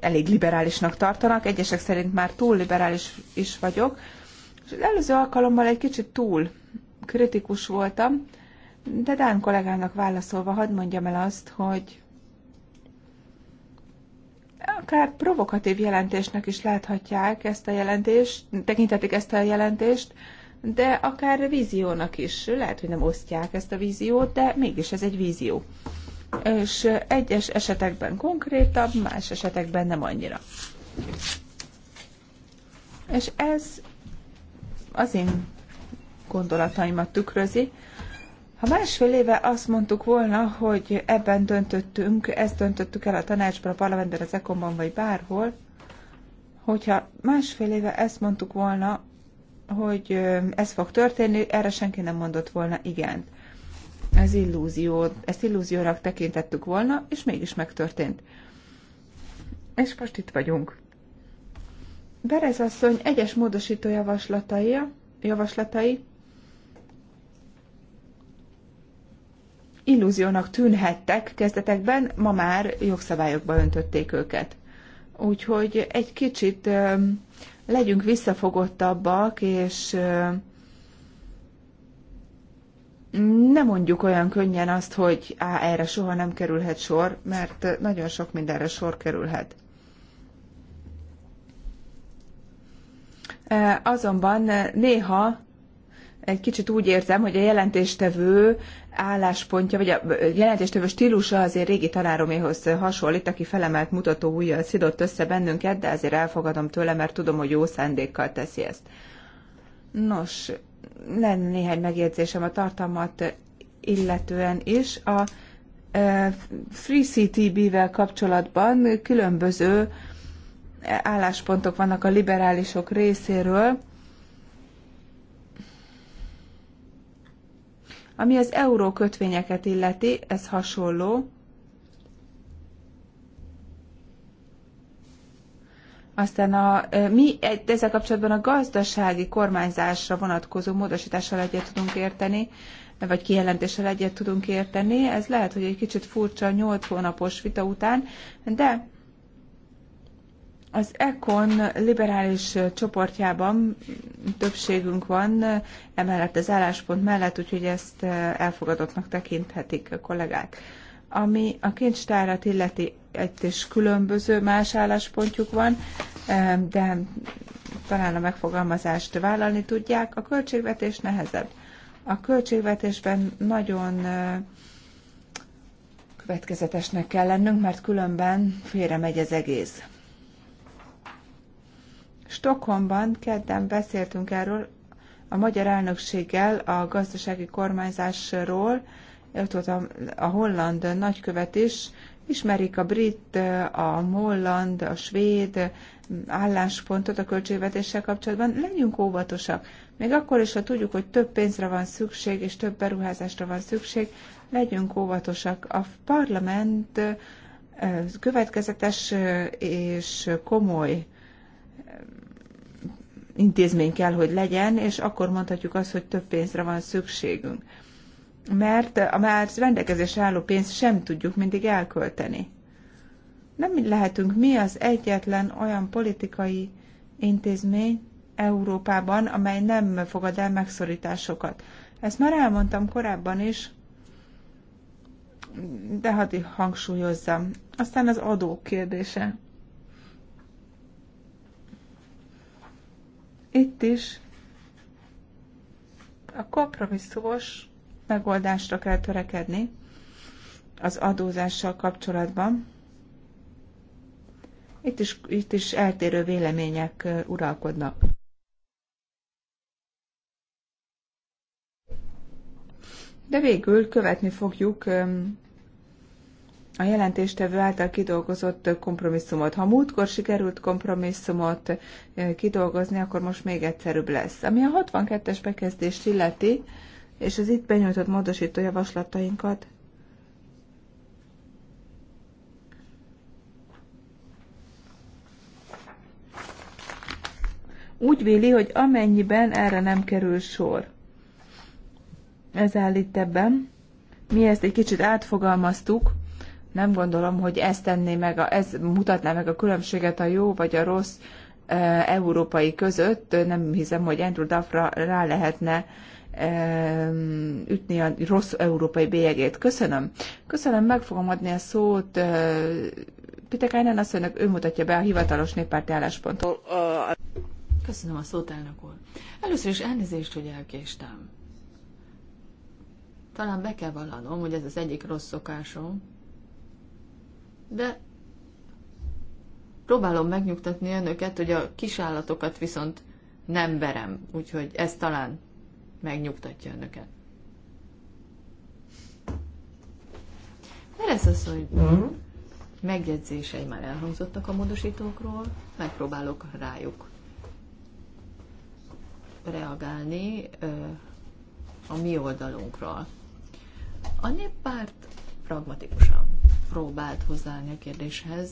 elég liberálisnak tartanak, egyesek szerint már túl liberális is vagyok, és az előző alkalommal egy kicsit túl kritikus voltam, de Dán kollégának válaszolva, hadd mondjam el azt, hogy akár provokatív jelentésnek is láthatják ezt a jelentést, tekintetik ezt a jelentést, de akár víziónak is. Lehet, hogy nem osztják ezt a víziót, de mégis ez egy vízió. És egyes esetekben konkrétabb, más esetekben nem annyira. És ez az én gondolataimat tükrözi, ha másfél éve azt mondtuk volna, hogy ebben döntöttünk, ezt döntöttük el a tanácsban, a parlamentben, az ekonban vagy bárhol, hogyha másfél éve ezt mondtuk volna, hogy ez fog történni, erre senki nem mondott volna igent. Ez illúzió, ezt illúziónak tekintettük volna, és mégis megtörtént. És most itt vagyunk. Berez asszony egyes módosító javaslatai, javaslatai illúziónak tűnhettek kezdetekben, ma már jogszabályokba öntötték őket. Úgyhogy egy kicsit legyünk visszafogottabbak, és nem mondjuk olyan könnyen azt, hogy á, erre soha nem kerülhet sor, mert nagyon sok mindenre sor kerülhet. Azonban néha egy kicsit úgy érzem, hogy a jelentéstevő álláspontja, vagy a jelentéstevő stílusa azért régi tanároméhoz hasonlít, aki felemelt mutató ujjal szidott össze bennünket, de azért elfogadom tőle, mert tudom, hogy jó szándékkal teszi ezt. Nos, lenne néhány megjegyzésem a tartalmat illetően is. A e, FreeCTB-vel kapcsolatban különböző álláspontok vannak a liberálisok részéről, Ami az euró kötvényeket illeti, ez hasonló. Aztán a, mi ezzel kapcsolatban a gazdasági kormányzásra vonatkozó módosítással egyet tudunk érteni, vagy kijelentéssel egyet tudunk érteni. Ez lehet, hogy egy kicsit furcsa 8 hónapos vita után, de az ECON liberális csoportjában többségünk van, emellett az álláspont mellett, úgyhogy ezt elfogadottnak tekinthetik a kollégák. Ami a kincstárat illeti, egy is különböző más álláspontjuk van, de talán a megfogalmazást vállalni tudják. A költségvetés nehezebb. A költségvetésben nagyon következetesnek kell lennünk, mert különben félre megy az egész. Stockholmban kedden beszéltünk erről a magyar elnökséggel a gazdasági kormányzásról, ott volt a, a holland nagykövet is, ismerik a brit, a holland, a svéd álláspontot a költségvetéssel kapcsolatban, legyünk óvatosak. Még akkor is, ha tudjuk, hogy több pénzre van szükség, és több beruházásra van szükség, legyünk óvatosak. A parlament következetes és komoly intézmény kell, hogy legyen, és akkor mondhatjuk azt, hogy több pénzre van szükségünk. Mert a már rendelkezésre álló pénzt sem tudjuk mindig elkölteni. Nem lehetünk mi az egyetlen olyan politikai intézmény Európában, amely nem fogad el megszorításokat. Ezt már elmondtam korábban is, de hadd hangsúlyozzam. Aztán az adók kérdése. Itt is a kompromisszumos megoldásra kell törekedni az adózással kapcsolatban. Itt is, itt is eltérő vélemények uralkodnak. De végül követni fogjuk a jelentéstevő által kidolgozott kompromisszumot. Ha múltkor sikerült kompromisszumot eh, kidolgozni, akkor most még egyszerűbb lesz. Ami a 62-es bekezdést illeti, és az itt benyújtott módosító javaslatainkat, úgy véli, hogy amennyiben erre nem kerül sor. Ez áll itt ebben. Mi ezt egy kicsit átfogalmaztuk, nem gondolom, hogy ez tenné meg, a, ez mutatná meg a különbséget a jó vagy a rossz e, európai között. Nem hiszem, hogy Andrew Duffra rá lehetne e, ütni a rossz európai bélyegét. Köszönöm. Köszönöm, meg fogom adni a szót e, Pitekainen asszonynak, ő mutatja be a hivatalos néppárti álláspontot. Köszönöm a szót, elnök úr. Először is elnézést, hogy elkéstem. Talán be kell vallanom, hogy ez az egyik rossz szokásom, de próbálom megnyugtatni önöket, hogy a kisállatokat viszont nem verem, úgyhogy ez talán megnyugtatja önöket. Mert ez az, hogy hmm? megjegyzései már elhangzottak a módosítókról, megpróbálok rájuk reagálni a mi oldalunkról. A néppárt pragmatikusan próbált hozzáállni a kérdéshez,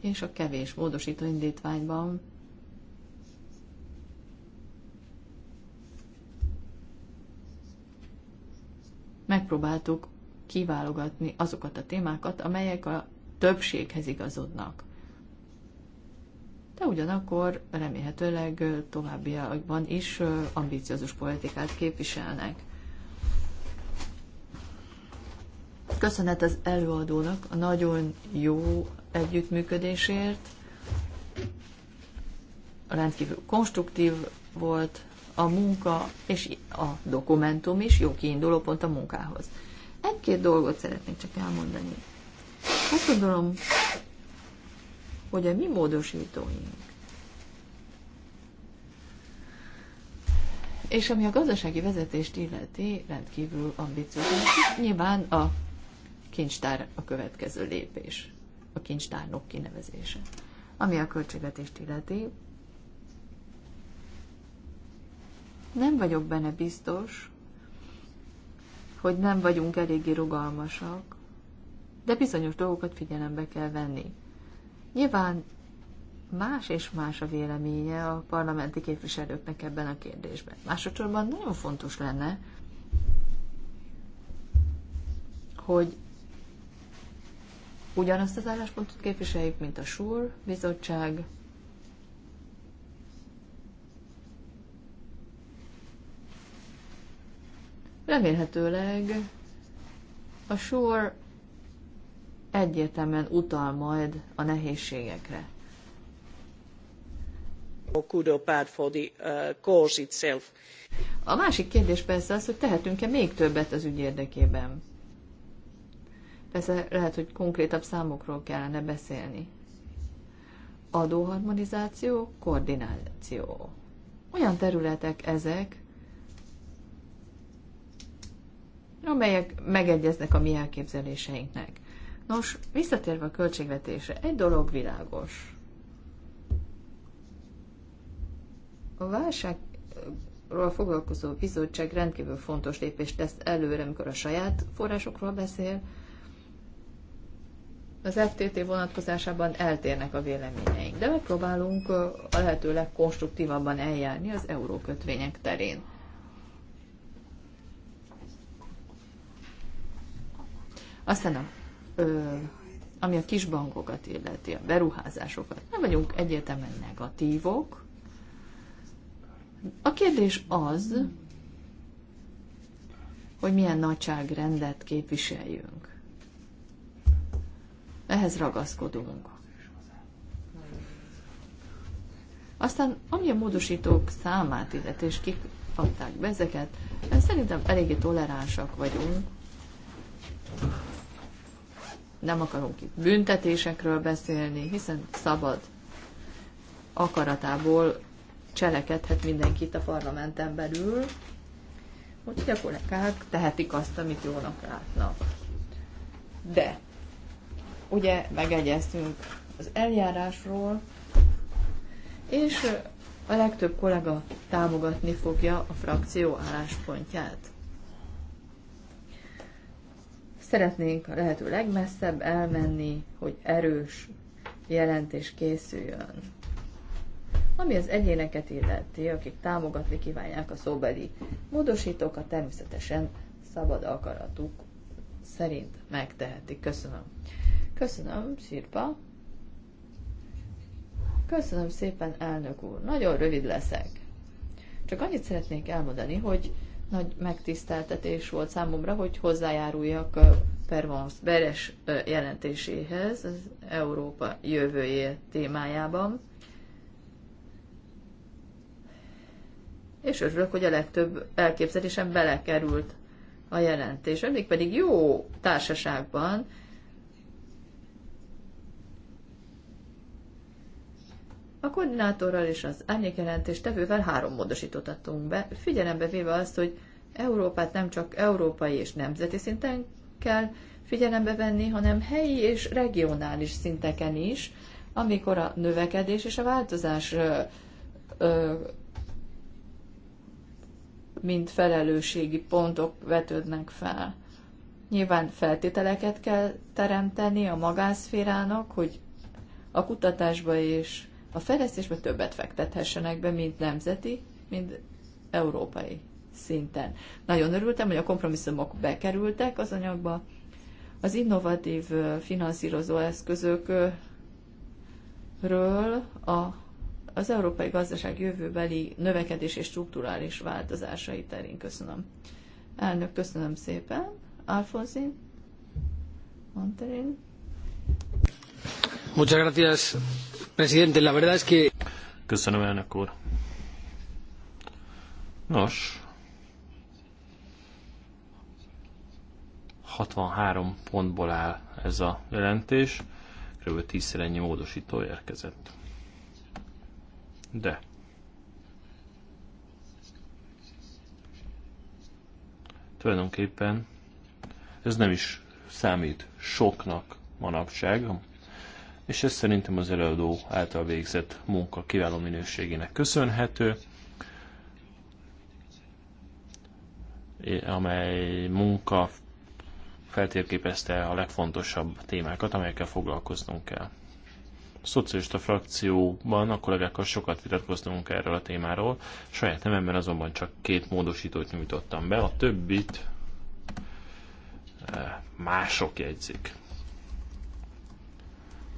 és a kevés módosító indítványban megpróbáltuk kiválogatni azokat a témákat, amelyek a többséghez igazodnak. De ugyanakkor remélhetőleg továbbiakban is ambíciózus politikát képviselnek. Köszönet az előadónak a nagyon jó együttműködésért. Rendkívül konstruktív volt a munka és a dokumentum is jó kiinduló pont a munkához. Egy-két dolgot szeretnék csak elmondani. Azt gondolom, hogy a mi módosítóink és ami a gazdasági vezetést illeti, rendkívül ambiciózus. Nyilván a kincstár a következő lépés, a kincstárnok kinevezése. Ami a költségvetést illeti, nem vagyok benne biztos, hogy nem vagyunk eléggé rugalmasak, de bizonyos dolgokat figyelembe kell venni. Nyilván más és más a véleménye a parlamenti képviselőknek ebben a kérdésben. Másodszorban nagyon fontos lenne, hogy ugyanazt az álláspontot képviseljük, mint a SUR bizottság. Remélhetőleg a SUR egyértelműen utal majd a nehézségekre. A másik kérdés persze az, hogy tehetünk-e még többet az ügy érdekében. Persze lehet, hogy konkrétabb számokról kellene beszélni. Adóharmonizáció, koordináció. Olyan területek ezek, amelyek megegyeznek a mi elképzeléseinknek. Nos, visszatérve a költségvetésre, egy dolog világos. A válságról foglalkozó bizottság rendkívül fontos lépést tesz előre, amikor a saját forrásokról beszél, az FTT vonatkozásában eltérnek a véleményeink, de megpróbálunk a lehető legkonstruktívabban eljárni az eurókötvények terén. Aztán a, ö, ami a kisbankokat illeti, a beruházásokat, nem vagyunk egyértelműen negatívok. A kérdés az, hogy milyen nagyságrendet képviseljünk ehhez ragaszkodunk. Aztán, ami a módosítók számát illet, és kik adták be ezeket, eh, szerintem eléggé toleránsak vagyunk. Nem akarunk itt büntetésekről beszélni, hiszen szabad akaratából cselekedhet mindenkit a parlamenten belül, úgyhogy a kollégák tehetik azt, amit jónak látnak. De ugye megegyeztünk az eljárásról, és a legtöbb kollega támogatni fogja a frakció álláspontját. Szeretnénk a lehető legmesszebb elmenni, hogy erős jelentés készüljön. Ami az egyéneket illeti, akik támogatni kívánják a szóbeli módosítókat, természetesen szabad akaratuk szerint megtehetik. Köszönöm. Köszönöm, sírpa. Köszönöm szépen, elnök úr. Nagyon rövid leszek. Csak annyit szeretnék elmondani, hogy nagy megtiszteltetés volt számomra, hogy hozzájáruljak Pervons Beres jelentéséhez az Európa jövője témájában. És örülök, hogy a legtöbb elképzelésem belekerült a jelentés, pedig jó társaságban, A koordinátorral és az árnyékjelentés tevővel három módosítót adtunk be, figyelembe véve azt, hogy Európát nem csak európai és nemzeti szinten kell figyelembe venni, hanem helyi és regionális szinteken is, amikor a növekedés és a változás ö, ö, mint felelősségi pontok vetődnek fel. Nyilván feltételeket kell teremteni a magánszférának, hogy a kutatásba és a fejlesztésbe többet fektethessenek be, mint nemzeti, mint európai szinten. Nagyon örültem, hogy a kompromisszumok bekerültek az anyagba. Az innovatív finanszírozó eszközökről a, az európai gazdaság jövőbeli növekedés és strukturális változásai terén köszönöm. Elnök, köszönöm szépen. Alfonzin? Monterin? Muchas gracias, Presidente, la verdad es que... Köszönöm, elnök úr. Nos, 63 pontból áll ez a jelentés, kb. 10 ennyi módosító érkezett. De tulajdonképpen ez nem is számít soknak manapság, és ez szerintem az előadó által végzett munka kiváló minőségének köszönhető, amely munka feltérképezte a legfontosabb témákat, amelyekkel foglalkoznunk kell. A szocialista frakcióban a kollégákkal sokat vitatkoztunk erről a témáról, saját nememben azonban csak két módosítót nyújtottam be, a többit eh, mások jegyzik.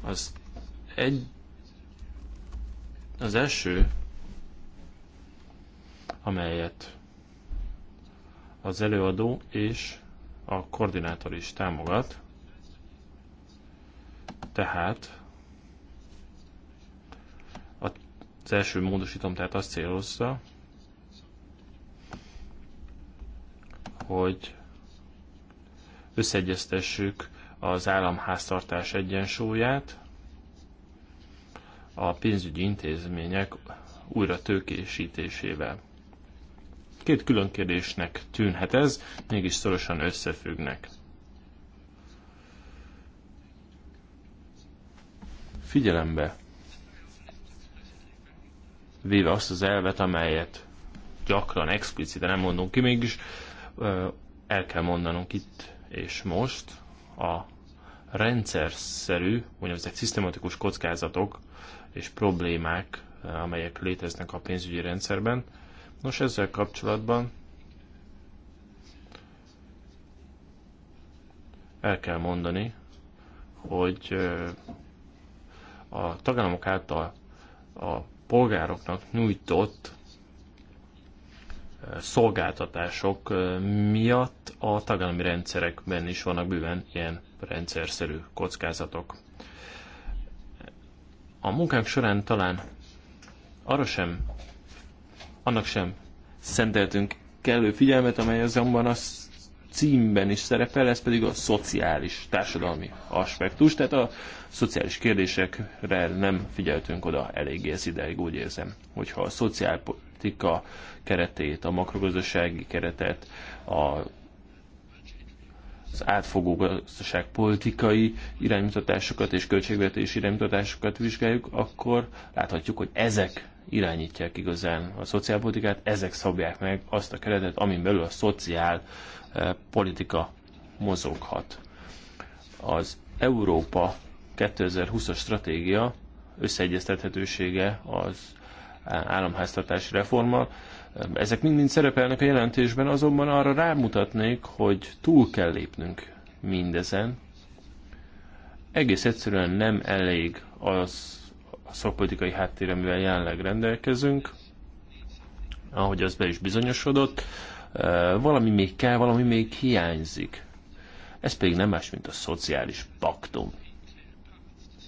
Az egy, az első, amelyet az előadó és a koordinátor is támogat, tehát az első módosítom tehát azt célozza, hogy összeegyeztessük az államháztartás egyensúlyát, a pénzügyi intézmények újra tőkésítésével. Két külön kérdésnek tűnhet ez, mégis szorosan összefüggnek. Figyelembe véve azt az elvet, amelyet gyakran, expliciten nem mondunk ki, mégis el kell mondanunk itt és most, a rendszer szerű, úgynevezett szisztematikus kockázatok és problémák, amelyek léteznek a pénzügyi rendszerben. Nos, ezzel kapcsolatban el kell mondani, hogy a tagállamok által a polgároknak nyújtott szolgáltatások miatt a tagállami rendszerekben is vannak bőven ilyen rendszerszerű kockázatok. A munkánk során talán arra sem, annak sem szenteltünk kellő figyelmet, amely azonban a címben is szerepel, ez pedig a szociális, társadalmi aspektus, tehát a szociális kérdésekre nem figyeltünk oda eléggé ez ideig, úgy érzem, hogyha a szociál politika keretét, a makrogazdasági keretet, a az átfogó gazdaságpolitikai iránymutatásokat és költségvetési iránymutatásokat vizsgáljuk, akkor láthatjuk, hogy ezek irányítják igazán a szociálpolitikát, ezek szabják meg azt a keretet, amin belül a szociál eh, politika mozoghat. Az Európa 2020-as stratégia összeegyeztethetősége az államháztartási reformmal. Ezek mind-mind szerepelnek a jelentésben, azonban arra rámutatnék, hogy túl kell lépnünk mindezen. Egész egyszerűen nem elég az a szakpolitikai háttér, amivel jelenleg rendelkezünk, ahogy az be is bizonyosodott, valami még kell, valami még hiányzik. Ez pedig nem más, mint a szociális paktum.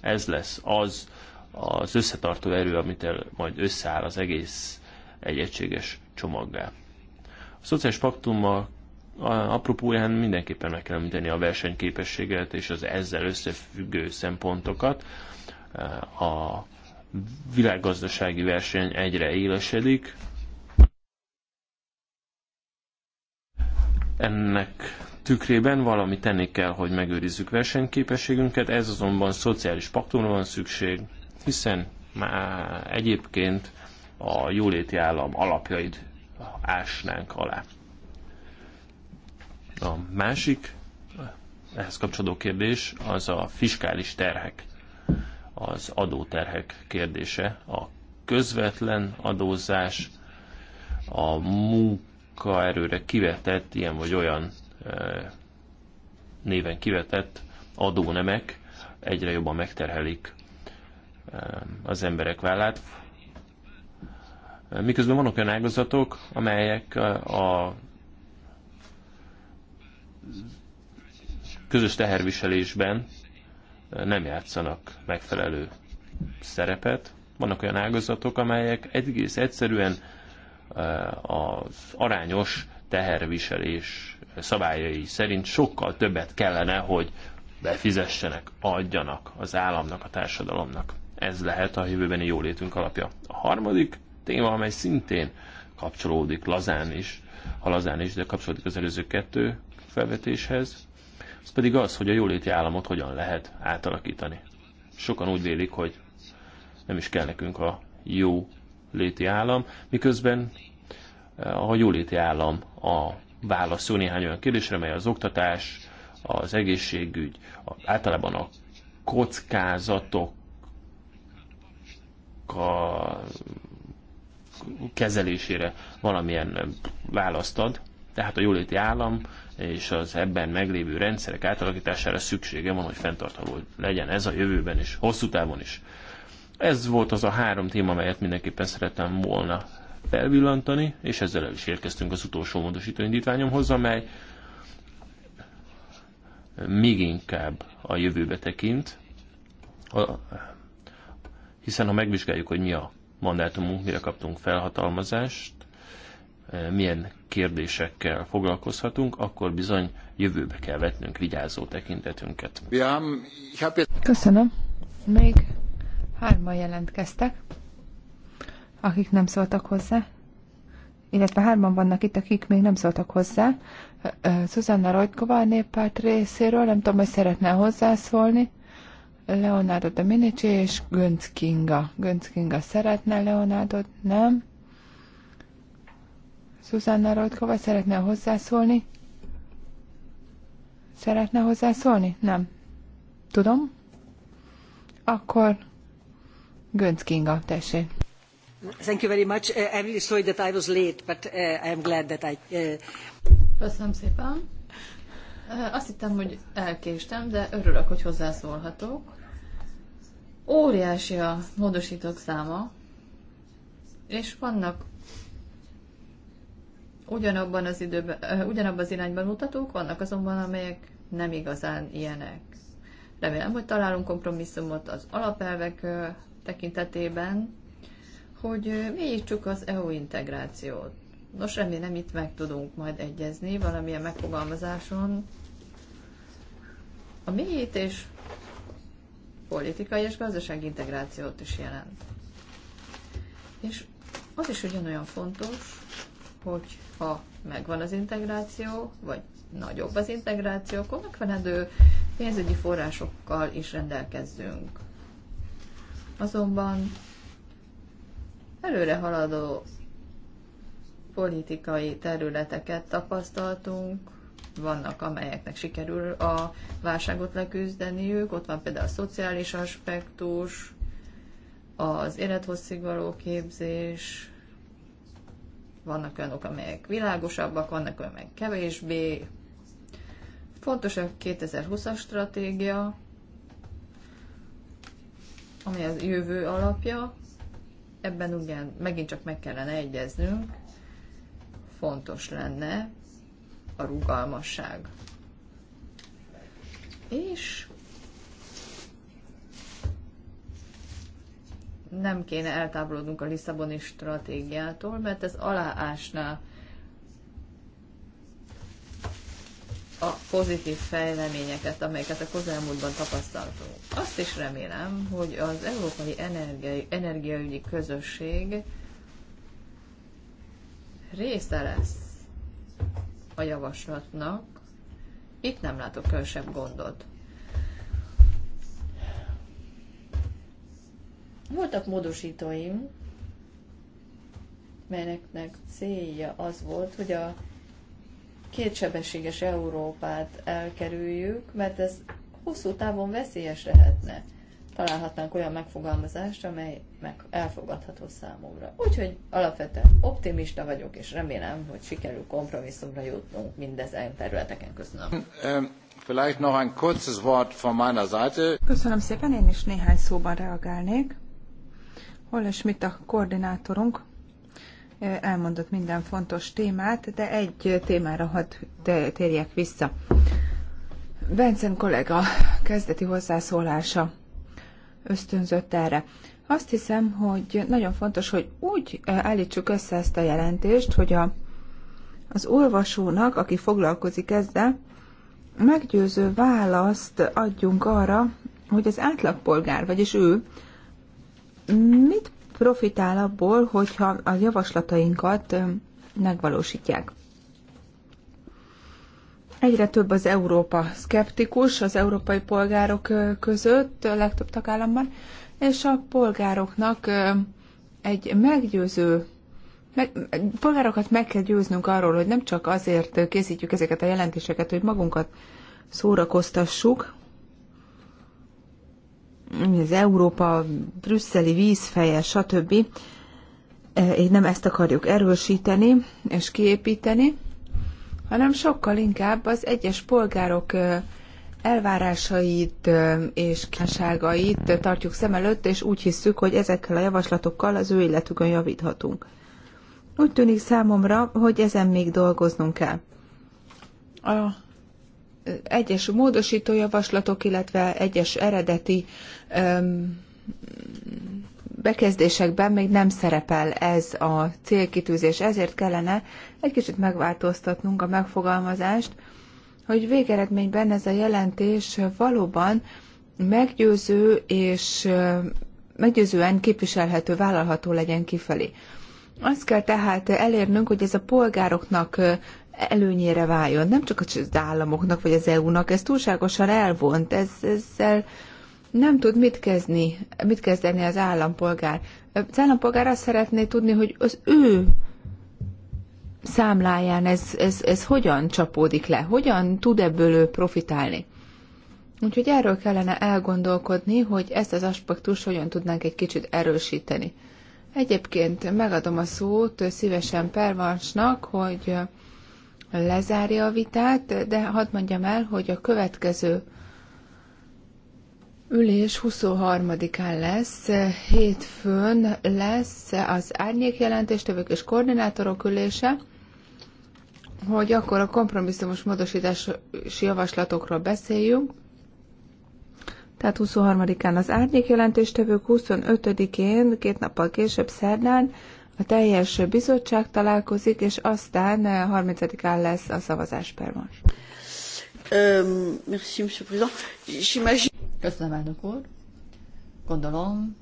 Ez lesz az, az összetartó erő, amit el majd összeáll az egész egy egységes csomaggá. A szociális paktummal apropóján mindenképpen meg kell említeni a versenyképességet és az ezzel összefüggő szempontokat. A világgazdasági verseny egyre élesedik. Ennek tükrében valami tenni kell, hogy megőrizzük versenyképességünket, ez azonban szociális paktumra van szükség, hiszen egyébként a jóléti állam alapjaid ásnánk alá. A másik ehhez kapcsolódó kérdés az a fiskális terhek, az adóterhek kérdése, a közvetlen adózás, a munkaerőre kivetett, ilyen vagy olyan e, néven kivetett adónemek egyre jobban megterhelik Eh, az emberek vállát. Miközben vannak olyan ágazatok, amelyek a közös teherviselésben eh, nem játszanak megfelelő szerepet. Vannak olyan ágazatok, amelyek egész egyszerűen eh, az arányos teherviselés szabályai szerint sokkal többet kellene, hogy befizessenek, adjanak az államnak, a társadalomnak ez lehet a jövőbeni jólétünk alapja. A harmadik téma, amely szintén kapcsolódik lazán is, ha lazán is, de kapcsolódik az előző kettő felvetéshez, az pedig az, hogy a jóléti államot hogyan lehet átalakítani. Sokan úgy vélik, hogy nem is kell nekünk a jó léti állam, miközben eh, a jóléti állam a válasz jó néhány olyan kérdésre, mely az oktatás, az egészségügy, általában a kockázatok a kezelésére valamilyen választ ad, tehát a jóléti állam és az ebben meglévő rendszerek átalakítására szüksége van, hogy fenntartható legyen ez a jövőben is, hosszú távon is. Ez volt az a három téma, amelyet mindenképpen szerettem volna felvillantani, és ezzel el is érkeztünk az utolsó módosító indítványomhoz, amely még inkább a jövőbe tekint, a hiszen ha megvizsgáljuk, hogy mi a mandátumunk, mire kaptunk felhatalmazást, e, milyen kérdésekkel foglalkozhatunk, akkor bizony jövőbe kell vetnünk vigyázó tekintetünket. Köszönöm. Még hárman jelentkeztek, akik nem szóltak hozzá, illetve hárman vannak itt, akik még nem szóltak hozzá. E, e, Szuzanna Rojtkova a néppárt részéről, nem tudom, hogy szeretne hozzászólni. Leonardo da Minici és Gönc Kinga. Gönc Kinga szeretne Leonardot, nem? Susanna Rodkova szeretne hozzászólni? Szeretne hozzászólni? Nem. Tudom? Akkor Gönc Kinga, tessék. Thank you very much. Uh, I'm really sorry that I was late, but uh, I am glad that I... Uh... Köszönöm szépen azt hittem, hogy elkéstem, de örülök, hogy hozzászólhatok. Óriási a módosítók száma, és vannak ugyanabban az időben, ugyanabban az irányban mutatók, vannak azonban, amelyek nem igazán ilyenek. Remélem, hogy találunk kompromisszumot az alapelvek tekintetében, hogy mélyítsük az EU integrációt. Nos, remélem itt meg tudunk majd egyezni valamilyen megfogalmazáson. A mélyítés politikai és gazdasági integrációt is jelent. És az is ugyanolyan fontos, hogy ha megvan az integráció, vagy nagyobb az integráció, akkor megfelelő pénzügyi forrásokkal is rendelkezzünk. Azonban előre haladó politikai területeket tapasztaltunk, vannak, amelyeknek sikerül a válságot leküzdeniük, ott van például a szociális aspektus, az élethosszig való képzés, vannak olyanok, amelyek világosabbak, vannak olyanok, amelyek kevésbé. Fontos a 2020-as stratégia, ami az jövő alapja. Ebben ugyan megint csak meg kellene egyeznünk, fontos lenne a rugalmasság. És nem kéne eltávolodnunk a Lisszaboni stratégiától, mert ez aláásná a pozitív fejleményeket, amelyeket a közelmúltban tapasztaltunk. Azt is remélem, hogy az Európai Energiai, Energiaügyi Közösség része lesz a javaslatnak. Itt nem látok különösebb gondot. Voltak módosítóim, melyeknek célja az volt, hogy a kétsebességes Európát elkerüljük, mert ez hosszú távon veszélyes lehetne találhatnánk olyan megfogalmazást, amely meg elfogadható számomra. Úgyhogy alapvetően optimista vagyok, és remélem, hogy sikerül kompromisszumra jutnunk mindezen területeken. Köszönöm. Hm, vielleicht noch ein kurzes Wort von meiner Seite. Köszönöm szépen, én is néhány szóban reagálnék. Hol és mit a koordinátorunk elmondott minden fontos témát, de egy témára hadd térjek vissza. Vencen kollega kezdeti hozzászólása ösztönzött erre. Azt hiszem, hogy nagyon fontos, hogy úgy eh, állítsuk össze ezt a jelentést, hogy a, az olvasónak, aki foglalkozik ezzel, meggyőző választ adjunk arra, hogy az átlagpolgár, vagyis ő, mit profitál abból, hogyha a javaslatainkat eh, megvalósítják. Egyre több az Európa szkeptikus az európai polgárok között, a legtöbb tagállamban, és a polgároknak egy meggyőző meg, polgárokat meg kell győznünk arról, hogy nem csak azért készítjük ezeket a jelentéseket, hogy magunkat szórakoztassuk, az Európa, brüsszeli vízfeje, stb. Én nem ezt akarjuk erősíteni és kiépíteni, hanem sokkal inkább az egyes polgárok elvárásait és kívánságait tartjuk szem előtt, és úgy hisszük, hogy ezekkel a javaslatokkal az ő életükön javíthatunk. Úgy tűnik számomra, hogy ezen még dolgoznunk kell. A egyes módosító javaslatok, illetve egyes eredeti öm, bekezdésekben még nem szerepel ez a célkitűzés, ezért kellene egy kicsit megváltoztatnunk a megfogalmazást, hogy végeredményben ez a jelentés valóban meggyőző és meggyőzően képviselhető, vállalható legyen kifelé. Azt kell tehát elérnünk, hogy ez a polgároknak előnyére váljon, nem csak az államoknak vagy az EU-nak, ez túlságosan elvont, ez, ezzel nem tud mit, kezni, mit kezdeni az állampolgár. Az állampolgár azt szeretné tudni, hogy az ő számláján ez, ez, ez hogyan csapódik le, hogyan tud ebből ő profitálni. Úgyhogy erről kellene elgondolkodni, hogy ezt az aspektus hogyan tudnánk egy kicsit erősíteni. Egyébként megadom a szót szívesen Pervansnak, hogy lezárja a vitát, de hadd mondjam el, hogy a következő ülés 23-án lesz, hétfőn lesz az árnyék jelentéstevők és koordinátorok ülése, hogy akkor a kompromisszumos módosítási javaslatokról beszéljünk. Tehát 23-án az árnyék jelentéstevők, 25-én, két nappal később szerdán a teljes bizottság találkozik, és aztán 30-án lesz a szavazás per most. Köszönöm, elnök úr. Gondolom,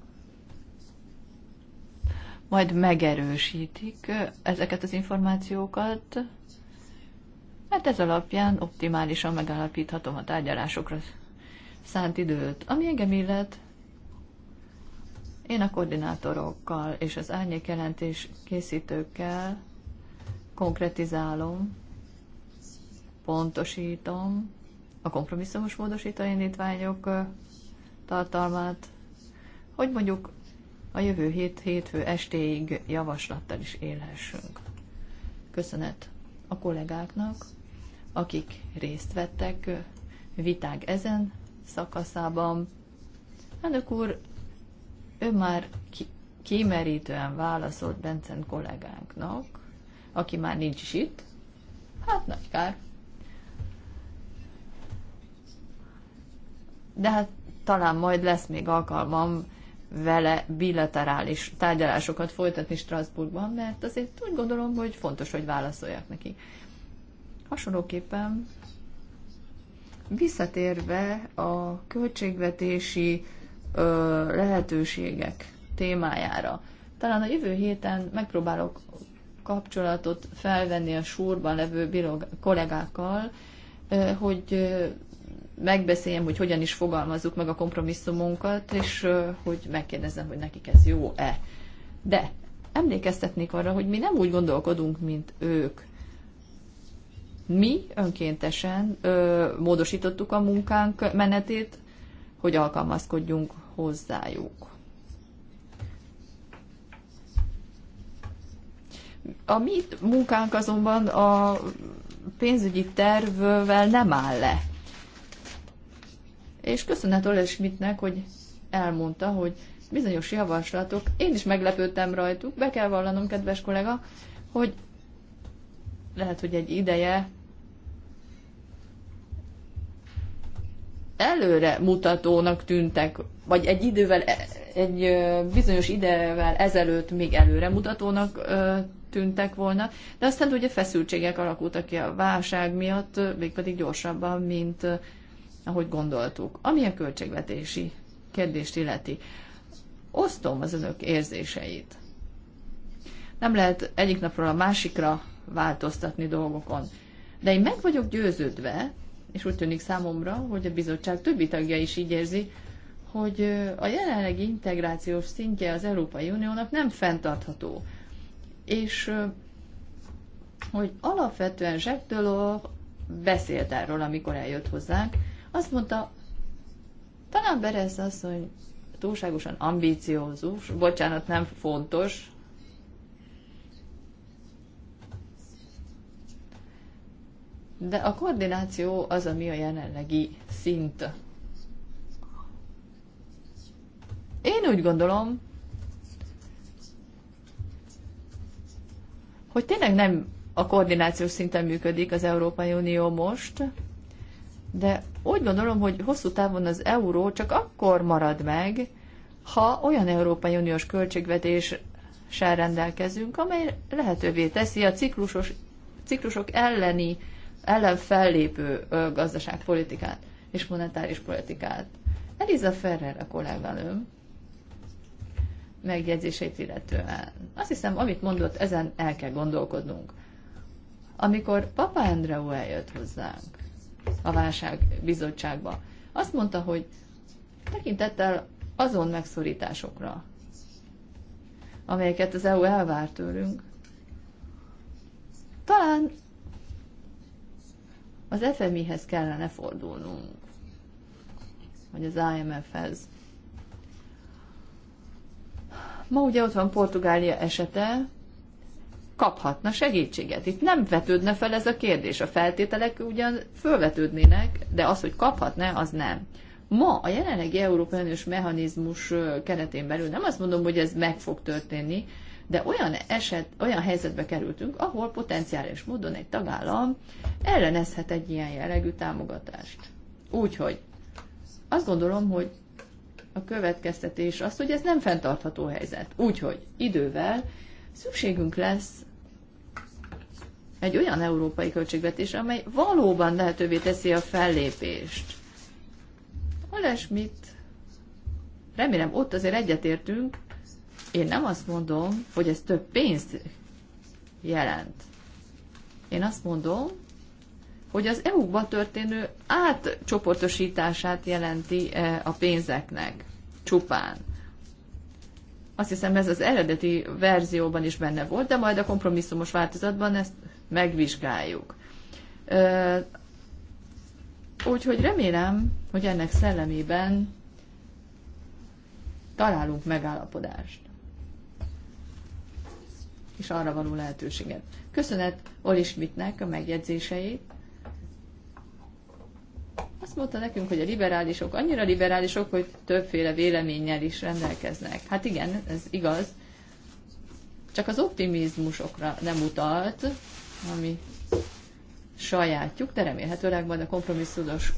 majd megerősítik ezeket az információkat mert hát ez alapján optimálisan megállapíthatom a tárgyalásokra szánt időt. Ami engem illet, én a koordinátorokkal és az árnyékjelentés készítőkkel konkretizálom, pontosítom a kompromisszumos módosító indítványok tartalmát, hogy mondjuk a jövő hét hétfő estéig javaslattal is élhessünk. Köszönet a kollégáknak, akik részt vettek viták ezen szakaszában. Önök úr, ő már ki- kimerítően válaszolt Bencen kollégánknak, aki már nincs is itt. Hát nagy kár. De hát talán majd lesz még alkalmam vele bilaterális tárgyalásokat folytatni Strasbourgban, mert azért úgy gondolom, hogy fontos, hogy válaszoljak neki. Hasonlóképpen visszatérve a költségvetési ö, lehetőségek témájára. Talán a jövő héten megpróbálok kapcsolatot felvenni a súrban levő birog, kollégákkal, ö, hogy ö, megbeszéljem, hogy hogyan is fogalmazzuk meg a kompromisszumunkat, és ö, hogy megkérdezem, hogy nekik ez jó-e. De emlékeztetnék arra, hogy mi nem úgy gondolkodunk, mint ők mi önkéntesen ö, módosítottuk a munkánk menetét, hogy alkalmazkodjunk hozzájuk. A mi munkánk azonban a pénzügyi tervvel nem áll le. És köszönet Ole Schmidtnek, hogy elmondta, hogy bizonyos javaslatok, én is meglepődtem rajtuk, be kell vallanom, kedves kollega, hogy lehet, hogy egy ideje előre mutatónak tűntek, vagy egy idővel, e, egy bizonyos idővel ezelőtt még előre mutatónak tűntek volna, de aztán ugye feszültségek alakultak ki a válság miatt, mégpedig gyorsabban, mint ahogy gondoltuk. Ami a költségvetési kérdést illeti, osztom az önök érzéseit. Nem lehet egyik napról a másikra változtatni dolgokon. De én meg vagyok győződve, és úgy tűnik számomra, hogy a bizottság többi tagja is így érzi, hogy a jelenlegi integrációs szintje az Európai Uniónak nem fenntartható. És hogy alapvetően Jacques Delors beszélt erről, amikor eljött hozzánk, azt mondta, talán Berez hogy túlságosan ambíciózus, bocsánat, nem fontos, de a koordináció az, ami a jelenlegi szint. Én úgy gondolom, hogy tényleg nem a koordinációs szinten működik az Európai Unió most, de úgy gondolom, hogy hosszú távon az euró csak akkor marad meg, ha olyan Európai Uniós költségvetéssel rendelkezünk, amely lehetővé teszi a ciklusos, ciklusok elleni ellen fellépő gazdaságpolitikát és monetáris politikát. Eliza Ferrer a kolléganőm megjegyzéseit illetően. Azt hiszem, amit mondott, ezen el kell gondolkodnunk. Amikor Papa Andreu eljött hozzánk a válság bizottságba, azt mondta, hogy tekintettel azon megszorításokra, amelyeket az EU elvár tőlünk, talán az FMI-hez kellene fordulnunk, vagy az IMF-hez. Ma ugye ott van Portugália esete, kaphatna segítséget. Itt nem vetődne fel ez a kérdés. A feltételek ugyan fölvetődnének, de az, hogy kaphatna, az nem. Ma a jelenlegi Európai Uniós mechanizmus keretén belül nem azt mondom, hogy ez meg fog történni, de olyan, eset, olyan helyzetbe kerültünk, ahol potenciális módon egy tagállam ellenezhet egy ilyen jellegű támogatást. Úgyhogy azt gondolom, hogy a következtetés az, hogy ez nem fenntartható helyzet. Úgyhogy idővel szükségünk lesz egy olyan európai költségvetésre, amely valóban lehetővé teszi a fellépést. Olesmit, remélem ott azért egyetértünk, én nem azt mondom, hogy ez több pénzt jelent. Én azt mondom, hogy az eu ban történő átcsoportosítását jelenti eh, a pénzeknek csupán. Azt hiszem ez az eredeti verzióban is benne volt, de majd a kompromisszumos változatban ezt megvizsgáljuk. Eh, úgyhogy remélem, hogy ennek szellemében találunk megállapodást és arra való lehetőséget. Köszönet Oli Schmidtnek a megjegyzéseit. Azt mondta nekünk, hogy a liberálisok annyira liberálisok, hogy többféle véleménnyel is rendelkeznek. Hát igen, ez igaz. Csak az optimizmusokra nem utalt, ami sajátjuk, de remélhetőleg majd a kompromisszumos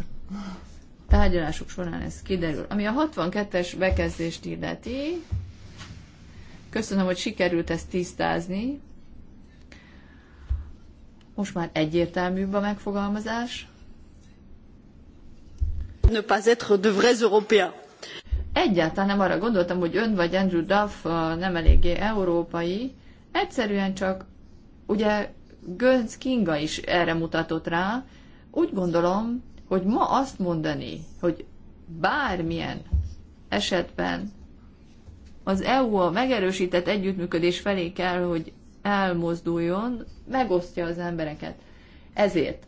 tárgyalások során ez kiderül. Ami a 62-es bekezdést illeti, Köszönöm, hogy sikerült ezt tisztázni. Most már egyértelműbb a megfogalmazás. Ne pas être de vrais européens. Egyáltalán nem arra gondoltam, hogy ön vagy Andrew Duff nem eléggé európai. Egyszerűen csak, ugye Gönc Kinga is erre mutatott rá, úgy gondolom, hogy ma azt mondani, hogy bármilyen esetben az EU a megerősített együttműködés felé kell, hogy elmozduljon, megosztja az embereket. Ezért.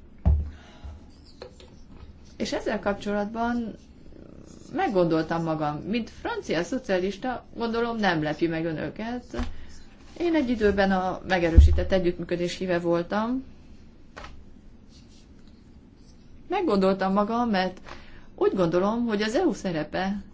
És ezzel kapcsolatban meggondoltam magam, mint francia szocialista, gondolom nem lepi meg önöket. Én egy időben a megerősített együttműködés híve voltam. Meggondoltam magam, mert úgy gondolom, hogy az EU szerepe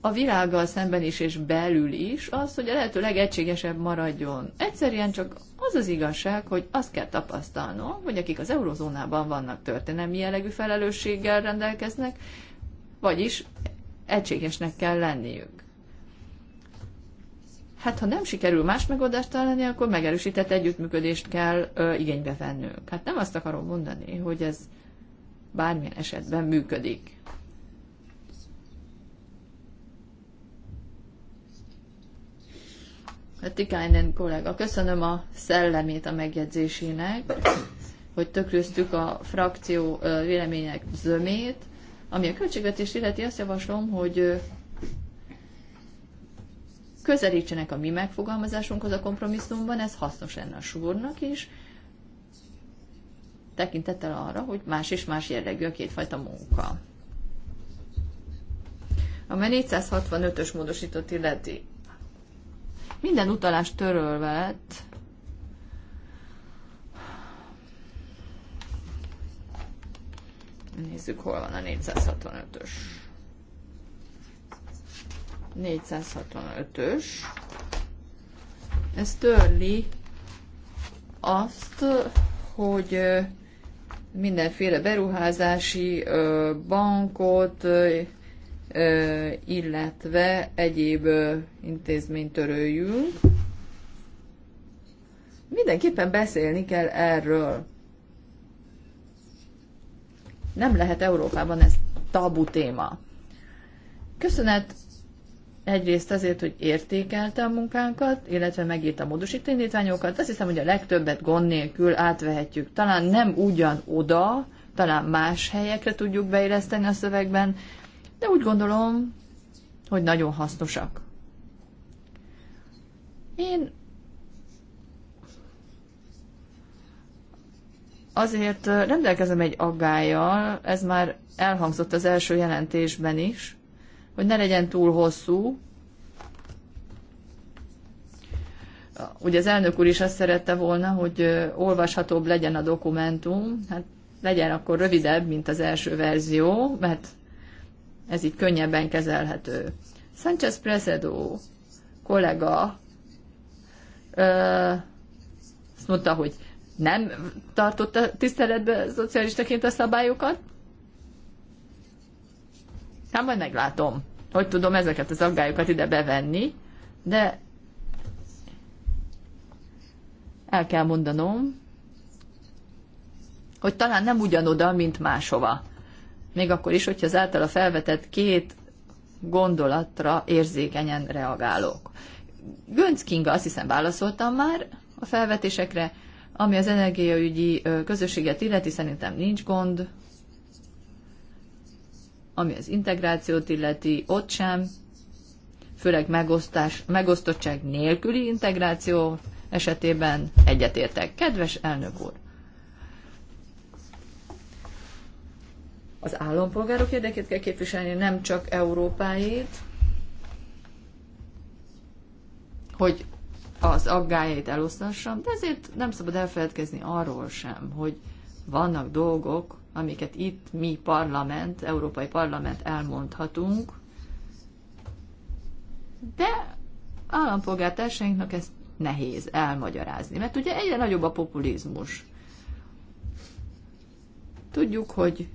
a világgal szemben is és belül is az, hogy a lehető legegységesebb maradjon. Egyszerűen csak az az igazság, hogy azt kell tapasztalnom, hogy akik az eurozónában vannak történelmi jellegű felelősséggel rendelkeznek, vagyis egységesnek kell lenniük. Hát, ha nem sikerül más megoldást találni, akkor megerősített együttműködést kell ö, igénybe vennünk. Hát nem azt akarom mondani, hogy ez bármilyen esetben működik. Tikainen kollega, köszönöm a szellemét a megjegyzésének, hogy tökröztük a frakció vélemények zömét. Ami a költségvetés illeti, azt javaslom, hogy közelítsenek a mi megfogalmazásunkhoz a kompromisszumban, ez hasznos lenne a súrnak is, tekintettel arra, hogy más és más jellegű a kétfajta munka. A 465-ös módosított illeti minden utalás törölve lett. Nézzük, hol van a 465-ös. 465-ös. Ez törli azt, hogy mindenféle beruházási bankot, illetve egyéb intézményt törőjünk. Mindenképpen beszélni kell erről. Nem lehet Európában ez tabu téma. Köszönet egyrészt azért, hogy értékelte a munkánkat, illetve megírta a módosító indítványokat. Azt hiszem, hogy a legtöbbet gond nélkül átvehetjük. Talán nem ugyan oda, talán más helyekre tudjuk beilleszteni a szövegben, de úgy gondolom, hogy nagyon hasznosak. Én azért rendelkezem egy aggájjal, ez már elhangzott az első jelentésben is, hogy ne legyen túl hosszú. Ugye az elnök úr is azt szerette volna, hogy olvashatóbb legyen a dokumentum, hát legyen akkor rövidebb, mint az első verzió, mert ez így könnyebben kezelhető. Sánchez Presedo kollega ö, azt mondta, hogy nem tartotta tiszteletbe a szocialistaként a szabályokat. Hát majd meglátom, hogy tudom ezeket az aggályokat ide bevenni, de el kell mondanom, hogy talán nem ugyanoda, mint máshova még akkor is, hogyha az általa felvetett két gondolatra érzékenyen reagálok. Gönc Kinga, azt hiszem válaszoltam már a felvetésekre, ami az energiaügyi közösséget illeti, szerintem nincs gond. Ami az integrációt illeti, ott sem, főleg megosztás, megosztottság nélküli integráció esetében egyetértek. Kedves elnök úr, az állampolgárok érdekét kell képviselni, nem csak Európáit, hogy az aggájait elosztassam, de ezért nem szabad elfeledkezni arról sem, hogy vannak dolgok, amiket itt mi parlament, Európai Parlament elmondhatunk, de állampolgártársainknak ezt nehéz elmagyarázni, mert ugye egyre nagyobb a populizmus. Tudjuk, hogy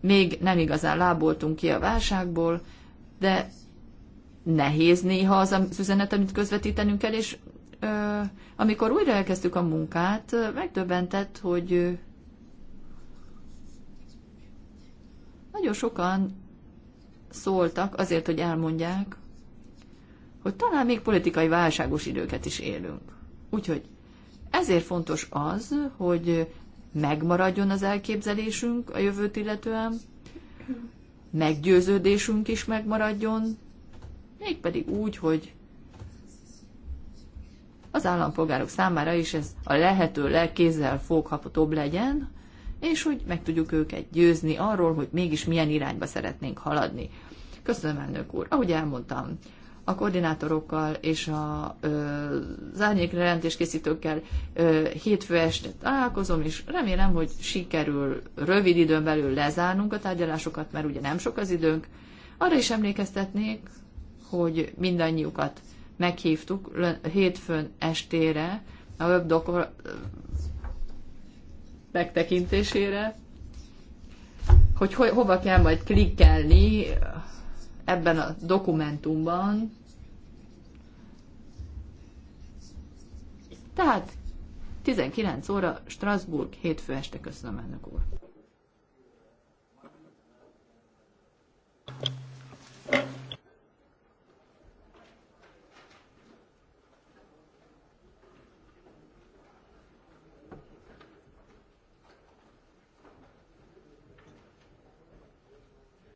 még nem igazán láboltunk ki a válságból, de nehéz néha az az üzenet, amit közvetítenünk kell, és ö, amikor újra elkezdtük a munkát, megdöbbentett, hogy ö, nagyon sokan szóltak azért, hogy elmondják, hogy talán még politikai válságos időket is élünk. Úgyhogy ezért fontos az, hogy megmaradjon az elképzelésünk a jövőt illetően, meggyőződésünk is megmaradjon, mégpedig úgy, hogy az állampolgárok számára is ez a lehető legkézzel foghatóbb legyen, és hogy meg tudjuk őket győzni arról, hogy mégis milyen irányba szeretnénk haladni. Köszönöm, elnök úr. Ahogy elmondtam, a koordinátorokkal és a, az árnyékre jelentéskészítőkkel hétfő este találkozom, és remélem, hogy sikerül rövid időn belül lezárnunk a tárgyalásokat, mert ugye nem sok az időnk. Arra is emlékeztetnék, hogy mindannyiukat meghívtuk hétfőn estére a webdokor megtekintésére, hogy ho- hova kell majd klikkelni ebben a dokumentumban. Tehát 19 óra Strasbourg, hétfő este. Köszönöm, elnök úr. Thank you.